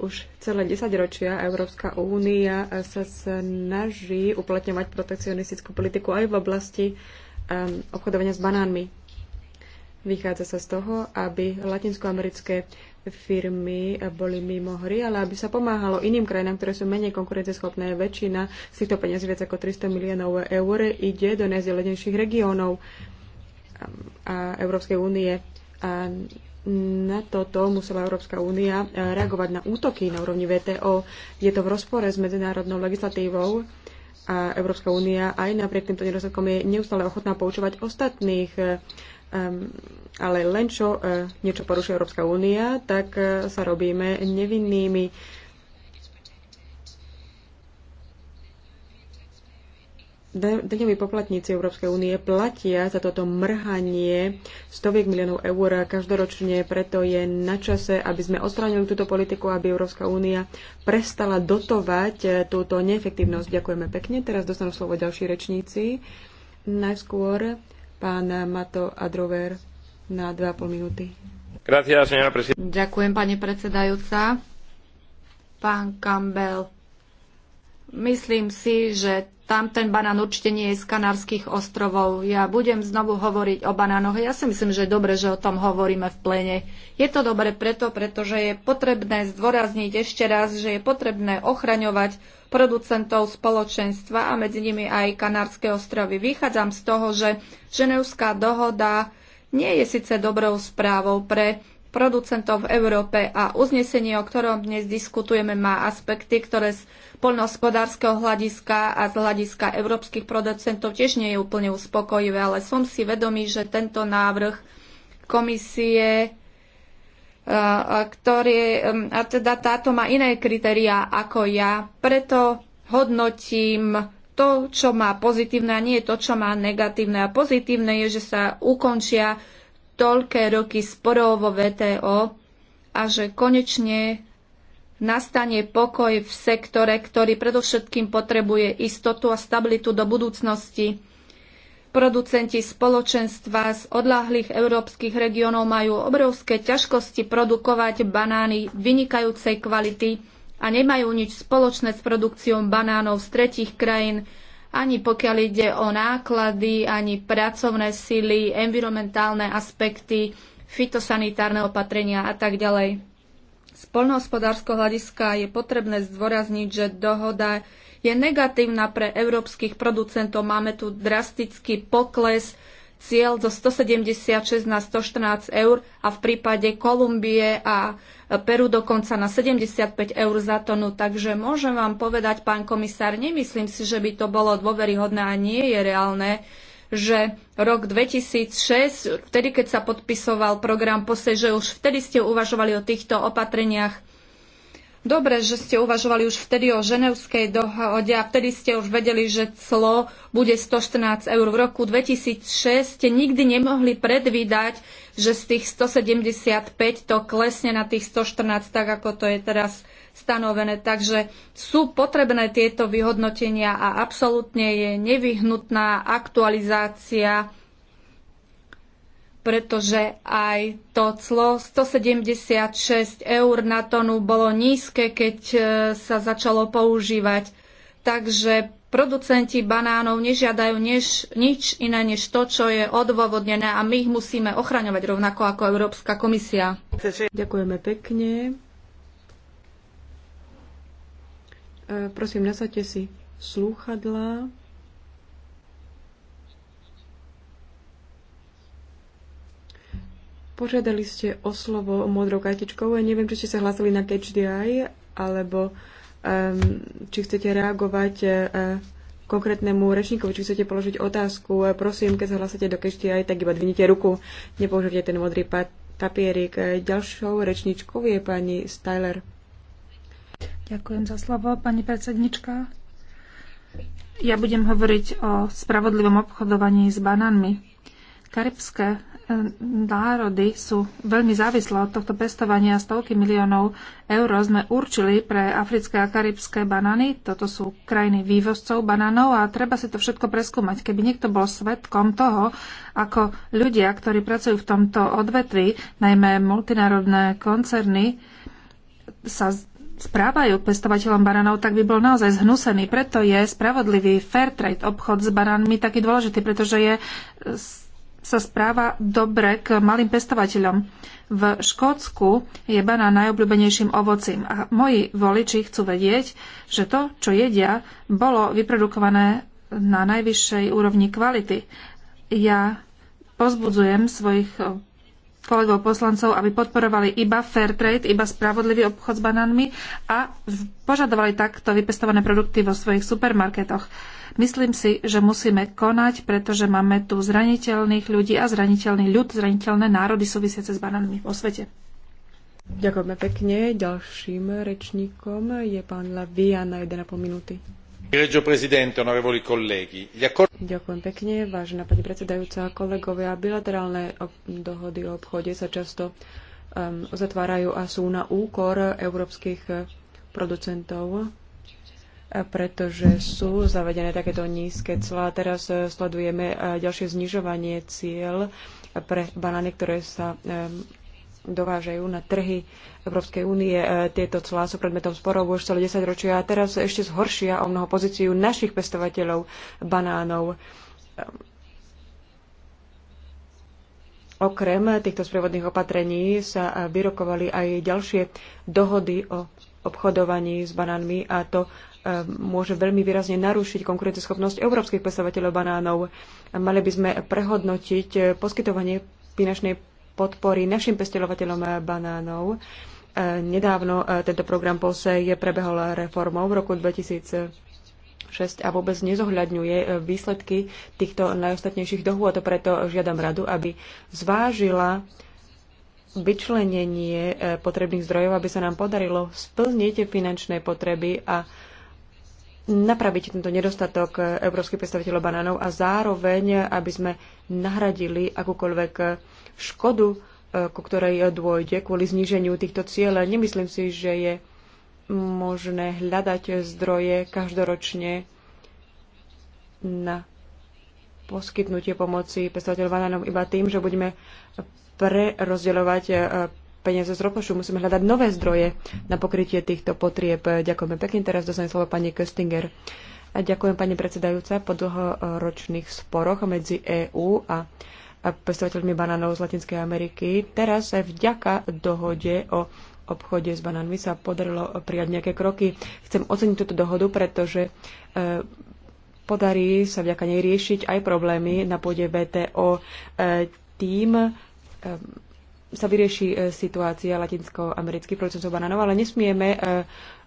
Už celé 10 ročia Európska únia sa snaží uplatňovať protekcionistickú politiku aj v oblasti um, obchodovania s banánmi. Vychádza sa z toho, aby latinskoamerické firmy boli mimo hry, ale aby sa pomáhalo iným krajinám, ktoré sú menej konkurenceschopné. Väčšina z týchto peniazí, viac ako 300 miliónov eur, ide do najzelenejších regiónov ehm, a Európskej únie. A na toto musela Európska únia eh, reagovať na útoky na úrovni VTO. Je to v rozpore s medzinárodnou legislatívou a Európska únia aj napriek týmto nedostatkom je neustále ochotná poučovať ostatných. Um, ale len čo uh, niečo porušuje Európska únia, tak uh, sa robíme nevinnými. Uh, daňoví poplatníci Európskej únie platia za toto mrhanie stoviek miliónov eur každoročne, preto je na čase, aby sme odstránili túto politiku, aby Európska únia prestala dotovať eh, túto neefektívnosť. Ďakujeme pekne. Teraz dostanú slovo ďalší rečníci. Najskôr pán Mato Adrover na 2,5 minúty. Ďakujem, pani predsedajúca. Pán Campbell, Myslím si, že tam ten banán určite nie je z Kanárskych ostrovov. Ja budem znovu hovoriť o banánoch. Ja si myslím, že je dobre, že o tom hovoríme v plene. Je to dobre preto, pretože je potrebné zdôrazniť ešte raz, že je potrebné ochraňovať producentov spoločenstva a medzi nimi aj Kanárske ostrovy. Vychádzam z toho, že Ženevská dohoda nie je síce dobrou správou pre producentov v Európe a uznesenie, o ktorom dnes diskutujeme, má aspekty, ktoré poľnohospodárskeho hľadiska a z hľadiska európskych producentov tiež nie je úplne uspokojivé, ale som si vedomý, že tento návrh komisie e, e, ktorý, e, a teda táto má iné kritériá ako ja, preto hodnotím to, čo má pozitívne a nie to, čo má negatívne. A pozitívne je, že sa ukončia toľké roky sporov vo VTO a že konečne nastane pokoj v sektore, ktorý predovšetkým potrebuje istotu a stabilitu do budúcnosti. Producenti spoločenstva z odláhlých európskych regiónov majú obrovské ťažkosti produkovať banány vynikajúcej kvality a nemajú nič spoločné s produkciou banánov z tretich krajín, ani pokiaľ ide o náklady, ani pracovné sily, environmentálne aspekty, fitosanitárne opatrenia a tak ďalej. Z polnohospodárskeho hľadiska je potrebné zdôrazniť, že dohoda je negatívna pre európskych producentov. Máme tu drastický pokles cieľ zo 176 na 114 eur a v prípade Kolumbie a Peru dokonca na 75 eur za tonu. Takže môžem vám povedať, pán komisár, nemyslím si, že by to bolo dôveryhodné a nie je reálne, že rok 2006, vtedy keď sa podpisoval program POSE, že už vtedy ste uvažovali o týchto opatreniach. Dobre, že ste uvažovali už vtedy o ženevskej dohode a vtedy ste už vedeli, že clo bude 114 eur. V roku 2006 ste nikdy nemohli predvídať, že z tých 175 to klesne na tých 114, tak ako to je teraz stanovené. Takže sú potrebné tieto vyhodnotenia a absolútne je nevyhnutná aktualizácia pretože aj to clo 176 eur na tonu bolo nízke, keď e, sa začalo používať. Takže producenti banánov nežiadajú než, nič iné než to, čo je odôvodnené a my ich musíme ochraňovať rovnako ako Európska komisia. Ďakujeme pekne. Prosím, nasadte si slúchadlá. Požiadali ste o slovo modrou kartičkou. Ja neviem, či ste sa hlásili na KDI, alebo um, či chcete reagovať uh, konkrétnemu rečníkovi, či chcete položiť otázku. Prosím, keď sa hlásite do KDI, tak iba dvinite ruku. nepoužite ten modrý papierik. Ďalšou rečníčkou je pani Styler. Ďakujem za slovo, pani predsednička. Ja budem hovoriť o spravodlivom obchodovaní s banánmi. Karibské eh, národy sú veľmi závislé od tohto pestovania. Stovky miliónov eur sme určili pre africké a karibské banány. Toto sú krajiny vývozcov banánov a treba si to všetko preskúmať. Keby niekto bol svetkom toho, ako ľudia, ktorí pracujú v tomto odvetvi, najmä multinárodné koncerny, sa správajú k pestovateľom baranov, tak by bol naozaj zhnusený. Preto je spravodlivý fair trade obchod s baranmi taký dôležitý, pretože je, sa správa dobre k malým pestovateľom. V Škótsku je banán najobľúbenejším ovocím a moji voliči chcú vedieť, že to, čo jedia, bolo vyprodukované na najvyššej úrovni kvality. Ja pozbudzujem svojich kolegov poslancov, aby podporovali iba fair trade, iba spravodlivý obchod s banánmi a požadovali takto vypestované produkty vo svojich supermarketoch. Myslím si, že musíme konať, pretože máme tu zraniteľných ľudí a zraniteľný ľud, zraniteľné národy súvisiace s banánmi vo svete. Ďakujeme pekne. Ďalším rečníkom je pán Lavia na 1,5 minúty. Ďakujem pekne, vážená pani predsedajúca, kolegovia. Bilaterálne dohody o obchode sa často um, uzatvárajú zatvárajú a sú na úkor európskych eh, producentov, eh, pretože sú zavedené takéto nízke clá. Teraz eh, sledujeme ďalšie znižovanie cieľ pre banány, ktoré sa um, dovážajú na trhy Európskej únie. E, tieto clá sú predmetom sporov už celé 10 ročia a teraz ešte zhoršia o mnoho pozíciu našich pestovateľov banánov. Okrem týchto sprievodných opatrení sa vyrokovali aj ďalšie dohody o obchodovaní s banánmi a to e, môže veľmi výrazne narušiť konkurenceschopnosť európskych pestovateľov banánov. Mali by sme prehodnotiť e, poskytovanie finančnej podpory našim pesteľovateľom banánov. E, nedávno e, tento program POSEJ prebehol reformou v roku 2006 a vôbec nezohľadňuje e, výsledky týchto najostatnejších dohôd. Preto žiadam radu, aby zvážila vyčlenenie potrebných zdrojov, aby sa nám podarilo splniť finančné potreby a napraviť tento nedostatok európskych predstaviteľov banánov a zároveň, aby sme nahradili akúkoľvek škodu, e, ku ktorej dôjde kvôli zníženiu týchto cieľ. Nemyslím si, že je možné hľadať zdroje každoročne na poskytnutie pomoci pestovateľom banánov iba tým, že budeme prerozdeľovať e, peniaze z ropošu. Musíme hľadať nové zdroje na pokrytie týchto potrieb. Ďakujeme pekne. Teraz dostane slovo pani Köstinger. ďakujem pani predsedajúca po dlhoročných sporoch medzi EÚ a pestovateľmi banánov z Latinskej Ameriky. Teraz vďaka dohode o obchode s banánmi sa podarilo prijať nejaké kroky. Chcem oceniť túto dohodu, pretože e, podarí sa vďaka nej riešiť aj problémy na pôde VTO. E, tým e, sa vyrieši situácia amerických producentov banánov, ale nesmieme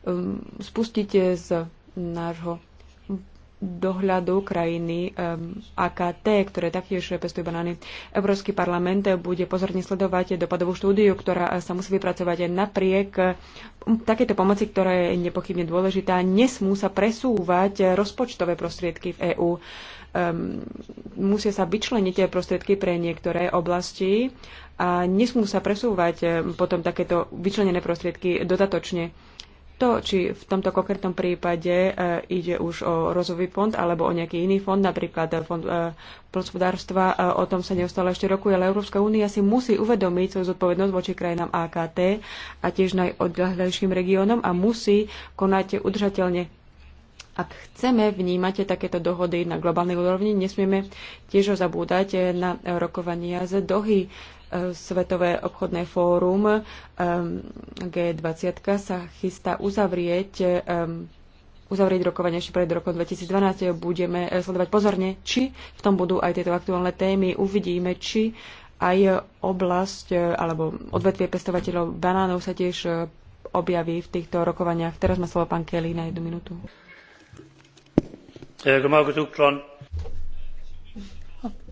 um, spustiť z nášho dohľadu krajiny AKT, ktoré taktiež pestujú banány. Európsky parlament bude pozorne sledovať dopadovú štúdiu, ktorá sa musí vypracovať aj napriek takéto pomoci, ktorá je nepochybne dôležitá. Nesmú sa presúvať rozpočtové prostriedky v EÚ. Musia sa vyčleniť prostriedky pre niektoré oblasti a nesmú sa presúvať potom takéto vyčlenené prostriedky dodatočne takto, či v tomto konkrétnom prípade e, ide už o rozvojový fond alebo o nejaký iný fond, napríklad e, fond hospodárstva, e, o tom sa neustále ešte rokuje, ale Európska únia si musí uvedomiť svoju zodpovednosť voči krajinám AKT a tiež najodľahlejším regiónom a musí konať udržateľne. Ak chceme vnímať takéto dohody na globálnej úrovni, nesmieme tiež ho zabúdať na rokovania z dohy Svetové obchodné fórum um, G20 sa chystá uzavrieť um, uzavrieť rokovanie ešte pred rokom 2012. Budeme eh, sledovať pozorne, či v tom budú aj tieto aktuálne témy. Uvidíme, či aj oblasť eh, alebo odvetvie pestovateľov banánov sa tiež eh, objaví v týchto rokovaniach. Teraz má slovo pán Kelly na jednu minútu.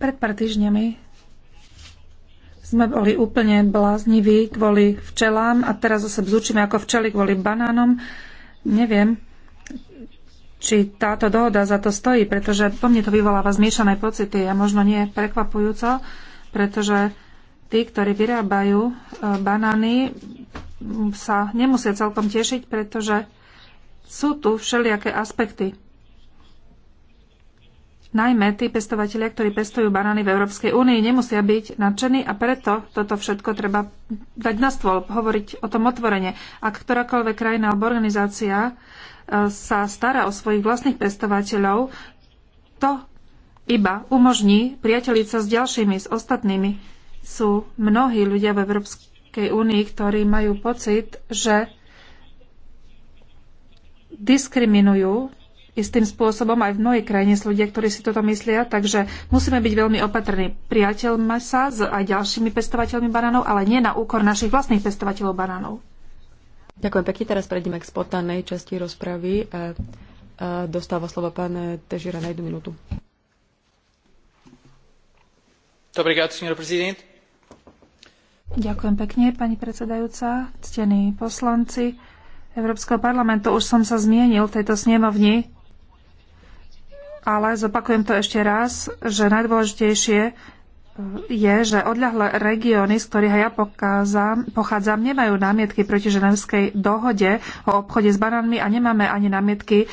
Pred pár týždňami sme boli úplne blázniví kvôli včelám a teraz zase bzučíme ako včeli kvôli banánom. Neviem, či táto dohoda za to stojí, pretože po mne to vyvoláva zmiešané pocity a možno nie prekvapujúco, pretože tí, ktorí vyrábajú e, banány, sa nemusia celkom tešiť, pretože sú tu všelijaké aspekty. Najmä tí pestovatelia, ktorí pestujú banány v Európskej únii, nemusia byť nadšení a preto toto všetko treba dať na stôl, hovoriť o tom otvorene. Ak ktorákoľvek krajina alebo organizácia e, sa stará o svojich vlastných pestovateľov, to iba umožní priateliť sa s ďalšími, s ostatnými. Sú mnohí ľudia v Európskej únii, ktorí majú pocit, že diskriminujú istým spôsobom aj v mojej krajine sú ľudia, ktorí si toto myslia, takže musíme byť veľmi opatrní. Priateľme sa s aj ďalšími pestovateľmi banánov, ale nie na úkor našich vlastných pestovateľov banánov. Ďakujem pekne. Teraz prejdeme k spontánnej časti rozpravy. E, e, dostáva slovo pán Težira na jednu minútu. Ďakujem pekne, pani predsedajúca, ctení poslanci. Európskeho parlamentu už som sa zmienil v tejto snemovni ale zopakujem to ešte raz, že najdôležitejšie eh, je, že odľahlé regióny, z ktorých ja pokázam, pochádzam, nemajú námietky proti ženevskej dohode o obchode s banánmi a nemáme ani námietky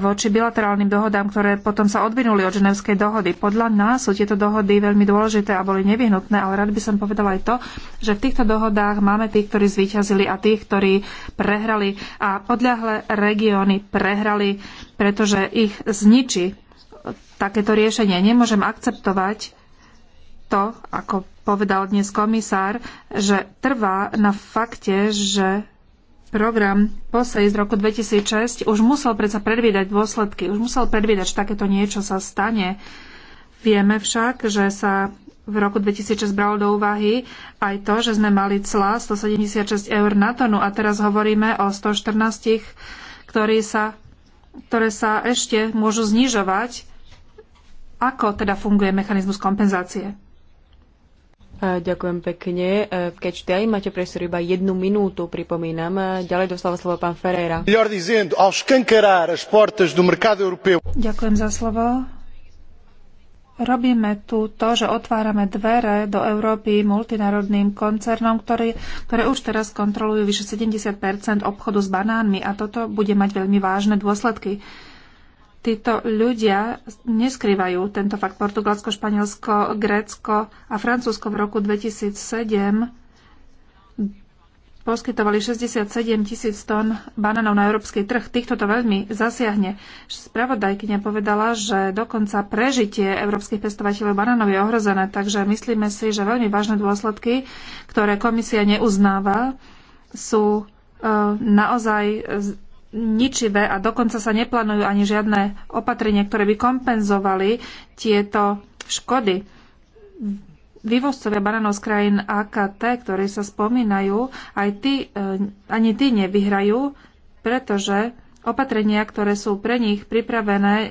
voči bilaterálnym dohodám, ktoré potom sa odvinuli od ženevskej dohody. Podľa nás sú tieto dohody veľmi dôležité a boli nevyhnutné, ale rád by som povedala aj to, že v týchto dohodách máme tých, ktorí zvíťazili a tých, ktorí prehrali a odľahlé regióny prehrali, pretože ich zničí takéto riešenie. Nemôžem akceptovať to, ako povedal dnes komisár, že trvá na fakte, že program PosEj z roku 2006 už musel predsa predvídať dôsledky, už musel predvídať, že takéto niečo sa stane. Vieme však, že sa v roku 2006 bralo do úvahy aj to, že sme mali cla 176 eur na tonu a teraz hovoríme o 114, ktorí sa, ktoré sa ešte môžu znižovať ako teda funguje mechanizmus kompenzácie? Ďakujem pekne. V e, Catch máte priestor iba jednu minútu, pripomínam. E, ďalej dostáva slovo pán Ferreira. Ďakujem za slovo. Robíme tu to, že otvárame dvere do Európy multinárodným koncernom, ktoré, ktoré už teraz kontrolujú vyše 70 obchodu s banánmi a toto bude mať veľmi vážne dôsledky títo ľudia neskrývajú tento fakt. Portugalsko, Španielsko, Grécko a Francúzsko v roku 2007 poskytovali 67 tisíc tón bananov na európsky trh. Týchto to veľmi zasiahne. Spravodajkyňa povedala, že dokonca prežitie európskych pestovateľov bananov je ohrozené, takže myslíme si, že veľmi vážne dôsledky, ktoré komisia neuznáva, sú e, naozaj ničivé a dokonca sa neplánujú ani žiadne opatrenia, ktoré by kompenzovali tieto škody. Vývozcovia bananov z krajín AKT, ktorí sa spomínajú, aj tí, e, ani tí nevyhrajú, pretože opatrenia, ktoré sú pre nich pripravené, e,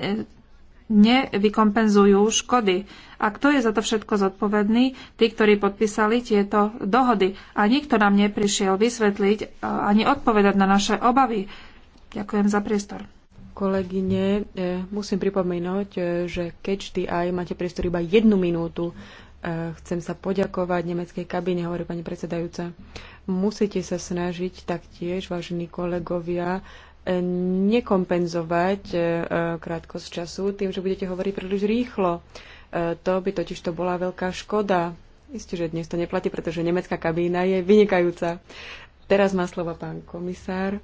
nevykompenzujú škody. A kto je za to všetko zodpovedný? Tí, ktorí podpísali tieto dohody. A nikto nám neprišiel vysvetliť e, ani odpovedať na naše obavy. Ďakujem za priestor. Kolegyne, e, musím pripomínať, e, že keď ty aj máte priestor iba jednu minútu, e, chcem sa poďakovať nemeckej kabíne, hovorí pani predsedajúca. Musíte sa snažiť taktiež, vážení kolegovia, nekompenzovať krátkosť času tým, že budete hovoriť príliš rýchlo. To by totiž to bola veľká škoda. Isté, že dnes to neplatí, pretože nemecká kabína je vynikajúca. Teraz má slovo pán komisár.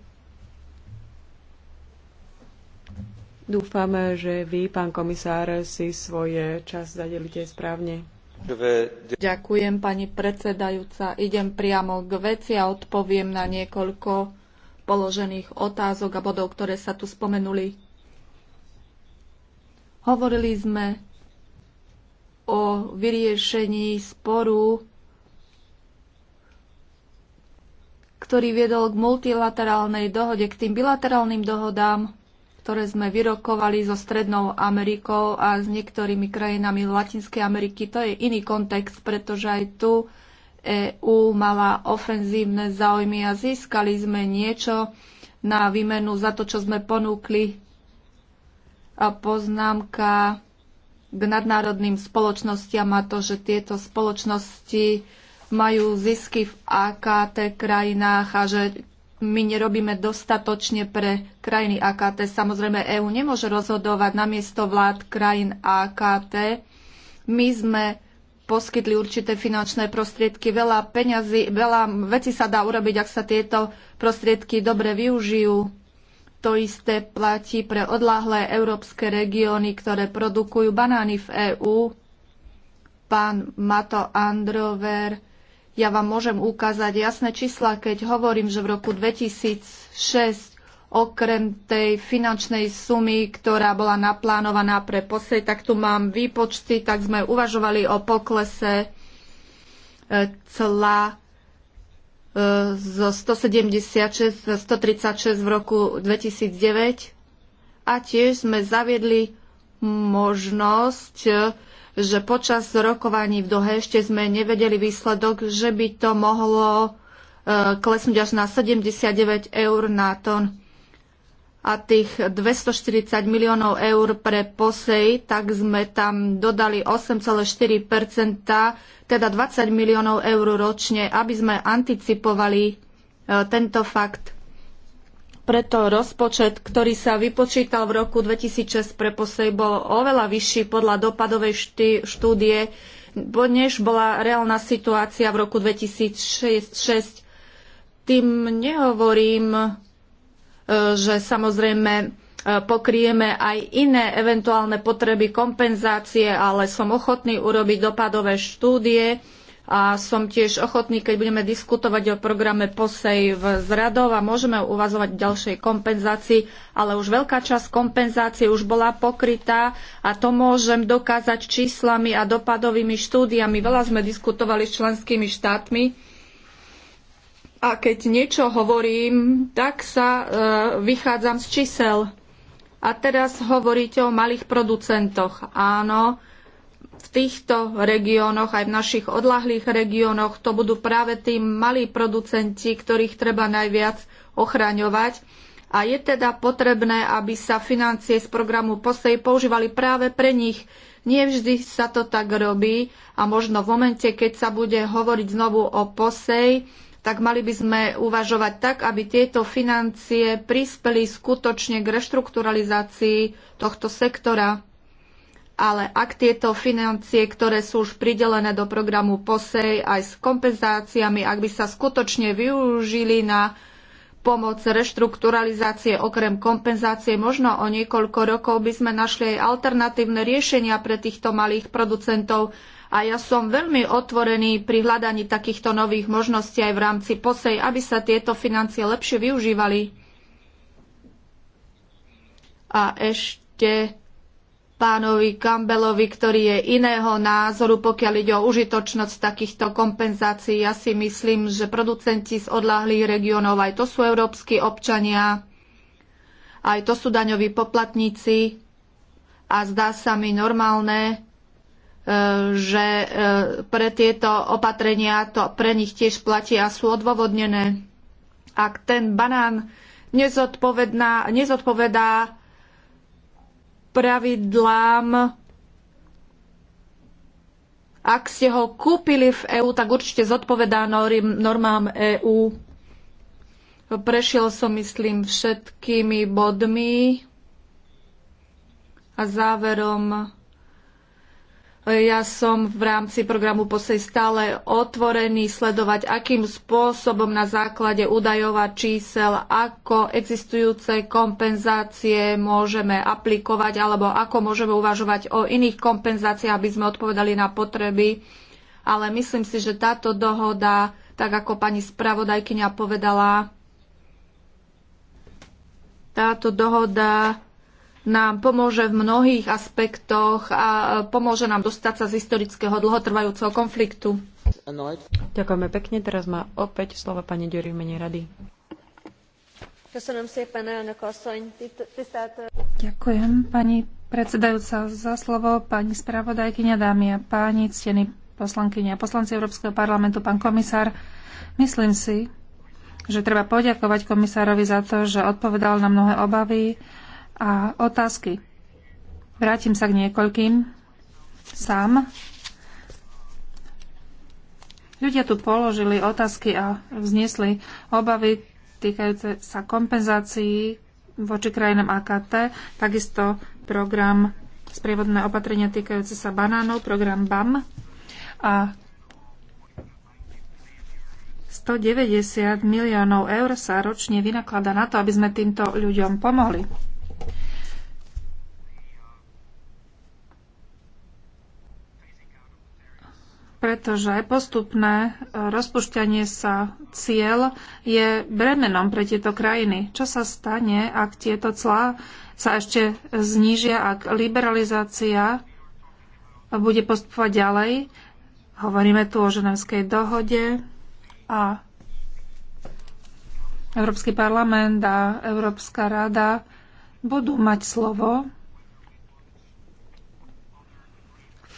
Dúfame, že vy, pán komisár, si svoje čas zadelíte správne. Ďakujem, pani predsedajúca. Idem priamo k veci a odpoviem na niekoľko položených otázok a bodov, ktoré sa tu spomenuli. Hovorili sme o vyriešení sporu, ktorý viedol k multilaterálnej dohode, k tým bilaterálnym dohodám ktoré sme vyrokovali so Strednou Amerikou a s niektorými krajinami Latinskej Ameriky. To je iný kontext, pretože aj tu EÚ mala ofenzívne záujmy a získali sme niečo na výmenu za to, čo sme ponúkli. A poznámka k nadnárodným spoločnostiam a to, že tieto spoločnosti majú zisky v AKT krajinách a že my nerobíme dostatočne pre krajiny AKT. Samozrejme, EÚ nemôže rozhodovať na miesto vlád krajín AKT. My sme poskytli určité finančné prostriedky, veľa peňazí, veľa vecí sa dá urobiť, ak sa tieto prostriedky dobre využijú. To isté platí pre odláhlé európske regióny, ktoré produkujú banány v EÚ. Pán Mato Androver ja vám môžem ukázať jasné čísla, keď hovorím, že v roku 2006 okrem tej finančnej sumy, ktorá bola naplánovaná pre posej, tak tu mám výpočty, tak sme uvažovali o poklese e, cla e, zo 176 136 v roku 2009 a tiež sme zaviedli možnosť e, že počas rokovaní v Dohe ešte sme nevedeli výsledok, že by to mohlo e, klesnúť až na 79 eur na tón a tých 240 miliónov eur pre posej, tak sme tam dodali 8,4 teda 20 miliónov eur ročne, aby sme anticipovali e, tento fakt preto rozpočet, ktorý sa vypočítal v roku 2006 pre posej, bol oveľa vyšší podľa dopadovej štúdie, než bola reálna situácia v roku 2006. Tým nehovorím, e, že samozrejme e, pokrieme aj iné eventuálne potreby kompenzácie, ale som ochotný urobiť dopadové štúdie, a som tiež ochotný, keď budeme diskutovať o programe POSEJ v zradov a môžeme uvazovať ďalšej kompenzácii, ale už veľká časť kompenzácie už bola pokrytá a to môžem dokázať číslami a dopadovými štúdiami. Veľa sme diskutovali s členskými štátmi. A keď niečo hovorím, tak sa e, vychádzam z čísel. A teraz hovoríte o malých producentoch. Áno, v týchto regiónoch, aj v našich odlahlých regiónoch, to budú práve tí malí producenti, ktorých treba najviac ochraňovať. A je teda potrebné, aby sa financie z programu POSEJ používali práve pre nich. Nie vždy sa to tak robí a možno v momente, keď sa bude hovoriť znovu o POSEJ, tak mali by sme uvažovať tak, aby tieto financie prispeli skutočne k reštrukturalizácii tohto sektora ale ak tieto financie, ktoré sú už pridelené do programu POSEJ aj s kompenzáciami, ak by sa skutočne využili na pomoc reštrukturalizácie okrem kompenzácie, možno o niekoľko rokov by sme našli aj alternatívne riešenia pre týchto malých producentov a ja som veľmi otvorený pri hľadaní takýchto nových možností aj v rámci POSEJ, aby sa tieto financie lepšie využívali. A ešte pánovi Campbellovi, ktorý je iného názoru, pokiaľ ide o užitočnosť takýchto kompenzácií. Ja si myslím, že producenti z odláhlých regiónov, aj to sú európsky občania, aj to sú daňoví poplatníci a zdá sa mi normálne, e, že e, pre tieto opatrenia to pre nich tiež platí a sú odôvodnené. Ak ten banán nezodpovedá pravidlám. Ak ste ho kúpili v EÚ, tak určite zodpovedá normám EÚ. Prešiel som, myslím, všetkými bodmi a záverom ja som v rámci programu POSEJ stále otvorený sledovať, akým spôsobom na základe údajov a čísel, ako existujúce kompenzácie môžeme aplikovať alebo ako môžeme uvažovať o iných kompenzáciách, aby sme odpovedali na potreby. Ale myslím si, že táto dohoda, tak ako pani spravodajkyňa povedala, táto dohoda nám pomôže v mnohých aspektoch a e, pomôže nám dostať sa z historického dlhotrvajúceho konfliktu. Ďakujeme pekne. Teraz má opäť slovo pani Ďuri v mene rady. Ďakujem, pani predsedajúca, za slovo, pani spravodajkyňa, dámy a páni, ctení poslankyni a poslanci Európskeho parlamentu, pán komisár. Myslím si, že treba poďakovať komisárovi za to, že odpovedal na mnohé obavy a otázky. Vrátim sa k niekoľkým sám. Ľudia tu položili otázky a vznesli obavy týkajúce sa kompenzácií voči krajinám AKT, takisto program sprievodné opatrenia týkajúce sa banánov, program BAM a 190 miliónov eur sa ročne vynaklada na to, aby sme týmto ľuďom pomohli. pretože postupné e, rozpušťanie sa cieľ je bremenom pre tieto krajiny. Čo sa stane, ak tieto clá sa ešte znížia, ak liberalizácia bude postupovať ďalej? Hovoríme tu o ženevskej dohode a Európsky parlament a Európska rada budú mať slovo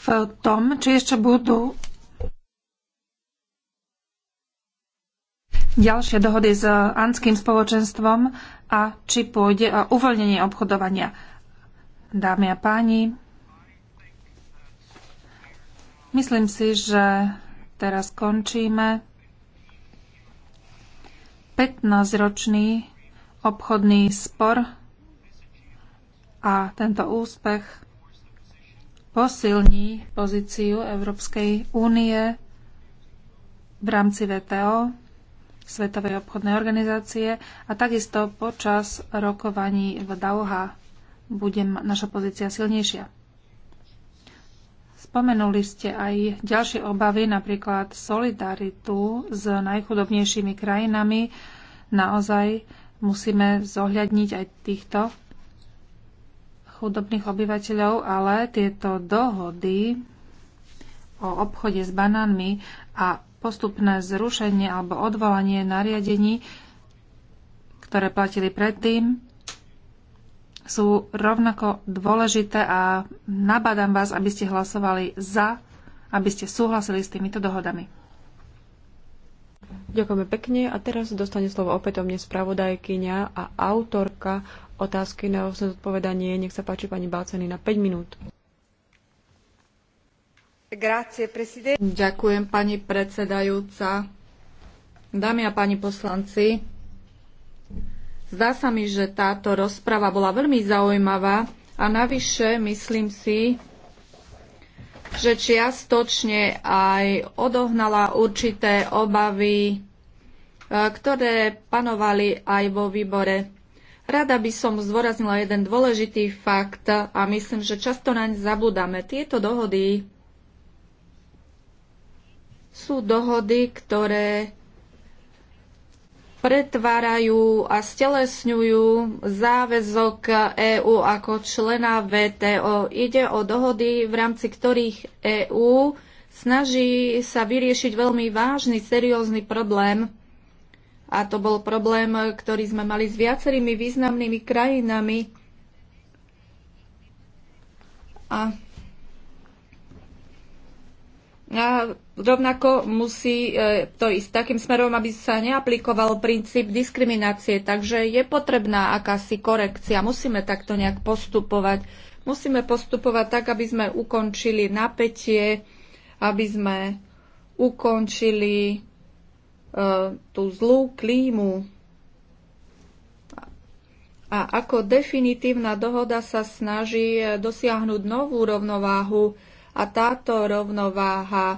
v tom, či ešte budú ďalšie dohody s anským spoločenstvom a či pôjde o uvoľnenie obchodovania. Dámy a páni, myslím si, že teraz končíme 15-ročný obchodný spor a tento úspech posilní pozíciu Európskej únie v rámci VTO Svetovej obchodnej organizácie a takisto počas rokovaní v Dauha bude naša pozícia silnejšia. Spomenuli ste aj ďalšie obavy, napríklad solidaritu s najchudobnejšími krajinami. Naozaj musíme zohľadniť aj týchto chudobných obyvateľov, ale tieto dohody o obchode s banánmi a postupné zrušenie alebo odvolanie nariadení, ktoré platili predtým, sú rovnako dôležité a nabádam vás, aby ste hlasovali za, aby ste súhlasili s týmito dohodami. Ďakujeme pekne a teraz dostane slovo opätovne spravodajkyňa a autorka otázky na osnovu odpovedanie. Nech sa páči pani Balceny na 5 minút. Ďakujem, pani predsedajúca. Dámy a páni poslanci, zdá sa mi, že táto rozprava bola veľmi zaujímavá a navyše myslím si, že čiastočne aj odohnala určité obavy, e, ktoré panovali aj vo výbore. Rada by som zdôraznila jeden dôležitý fakt a myslím, že často naň zabudáme. Tieto dohody sú dohody, ktoré pretvárajú a stelesňujú záväzok EÚ ako člena VTO. Ide o dohody, v rámci ktorých EÚ snaží sa vyriešiť veľmi vážny, seriózny problém. A to bol problém, ktorý sme mali s viacerými významnými krajinami. A a rovnako musí e, to ísť takým smerom, aby sa neaplikoval princíp diskriminácie. Takže je potrebná akási korekcia. Musíme takto nejak postupovať. Musíme postupovať tak, aby sme ukončili napätie, aby sme ukončili e, tú zlú klímu. A ako definitívna dohoda sa snaží dosiahnuť novú rovnováhu a táto rovnováha e,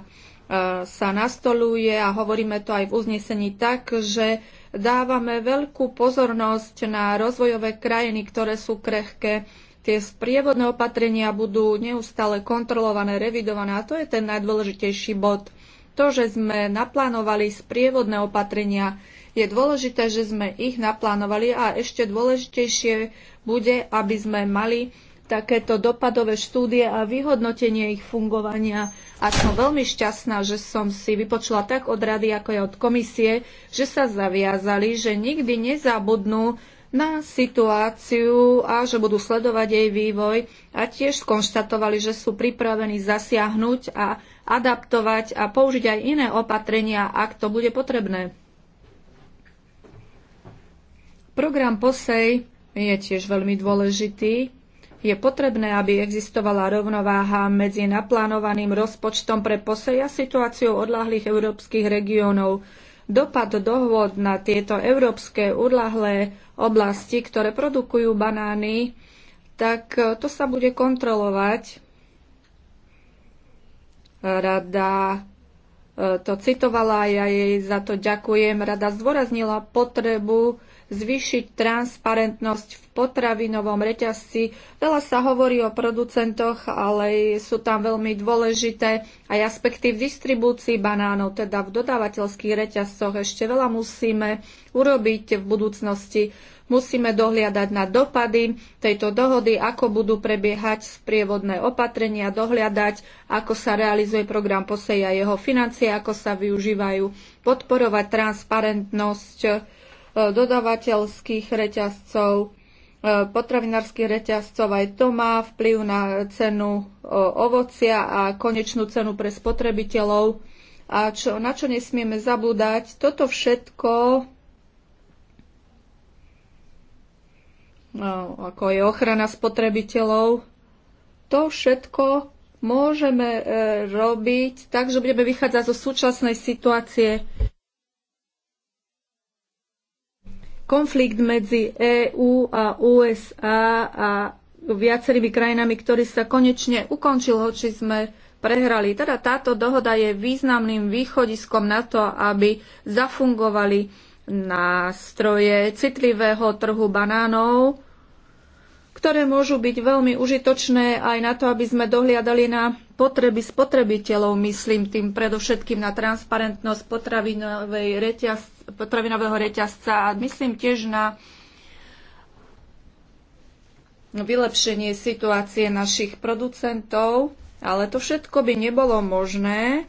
sa nastoluje a hovoríme to aj v uznesení tak, že dávame veľkú pozornosť na rozvojové krajiny, ktoré sú krehké. Tie sprievodné opatrenia budú neustále kontrolované, revidované a to je ten najdôležitejší bod. To, že sme naplánovali sprievodné opatrenia, je dôležité, že sme ich naplánovali a ešte dôležitejšie bude, aby sme mali takéto dopadové štúdie a vyhodnotenie ich fungovania. A som veľmi šťastná, že som si vypočula tak od rady, ako aj od komisie, že sa zaviazali, že nikdy nezabudnú na situáciu a že budú sledovať jej vývoj a tiež skonštatovali, že sú pripravení zasiahnuť a adaptovať a použiť aj iné opatrenia, ak to bude potrebné. Program POSEJ je tiež veľmi dôležitý je potrebné, aby existovala rovnováha medzi naplánovaným rozpočtom pre poseja situáciou odlahlých európskych regiónov. Dopad dohôd na tieto európske odlahlé oblasti, ktoré produkujú banány, tak e, to sa bude kontrolovať. Rada e, to citovala, ja jej za to ďakujem. Rada zdôraznila potrebu zvýšiť transparentnosť v potravinovom reťazci. Veľa sa hovorí o producentoch, ale sú tam veľmi dôležité aj aspekty v distribúcii banánov, teda v dodávateľských reťazcoch. Ešte veľa musíme urobiť v budúcnosti. Musíme dohliadať na dopady tejto dohody, ako budú prebiehať sprievodné opatrenia, dohliadať, ako sa realizuje program POSEJ a jeho financie, ako sa využívajú, podporovať transparentnosť E, dodavateľských reťazcov, e, potravinárskych reťazcov. Aj to má vplyv na cenu e, ovocia a konečnú cenu pre spotrebiteľov. A čo, na čo nesmieme zabúdať, toto všetko no, ako je ochrana spotrebiteľov, to všetko môžeme robiť tak, že budeme vychádzať zo súčasnej situácie konflikt medzi EÚ a USA a viacerými krajinami, ktorý sa konečne ukončil, hoči sme prehrali. Teda táto dohoda je významným východiskom na to, aby zafungovali nástroje citlivého trhu banánov, ktoré môžu byť veľmi užitočné aj na to, aby sme dohliadali na potreby spotrebiteľov, myslím tým predovšetkým na transparentnosť potravinovej reťazce potravinového reťazca a myslím tiež na vylepšenie situácie našich producentov, ale to všetko by nebolo možné,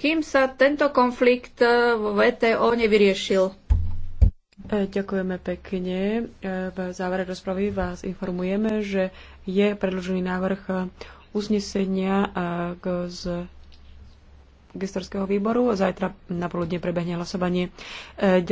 kým sa tento konflikt v VTO nevyriešil. E, ďakujeme pekne. E, v závere rozpravy vás informujeme, že je predložený návrh uznesenia e, k z gestorského výboru. Zajtra na poludne prebehne hlasovanie. E,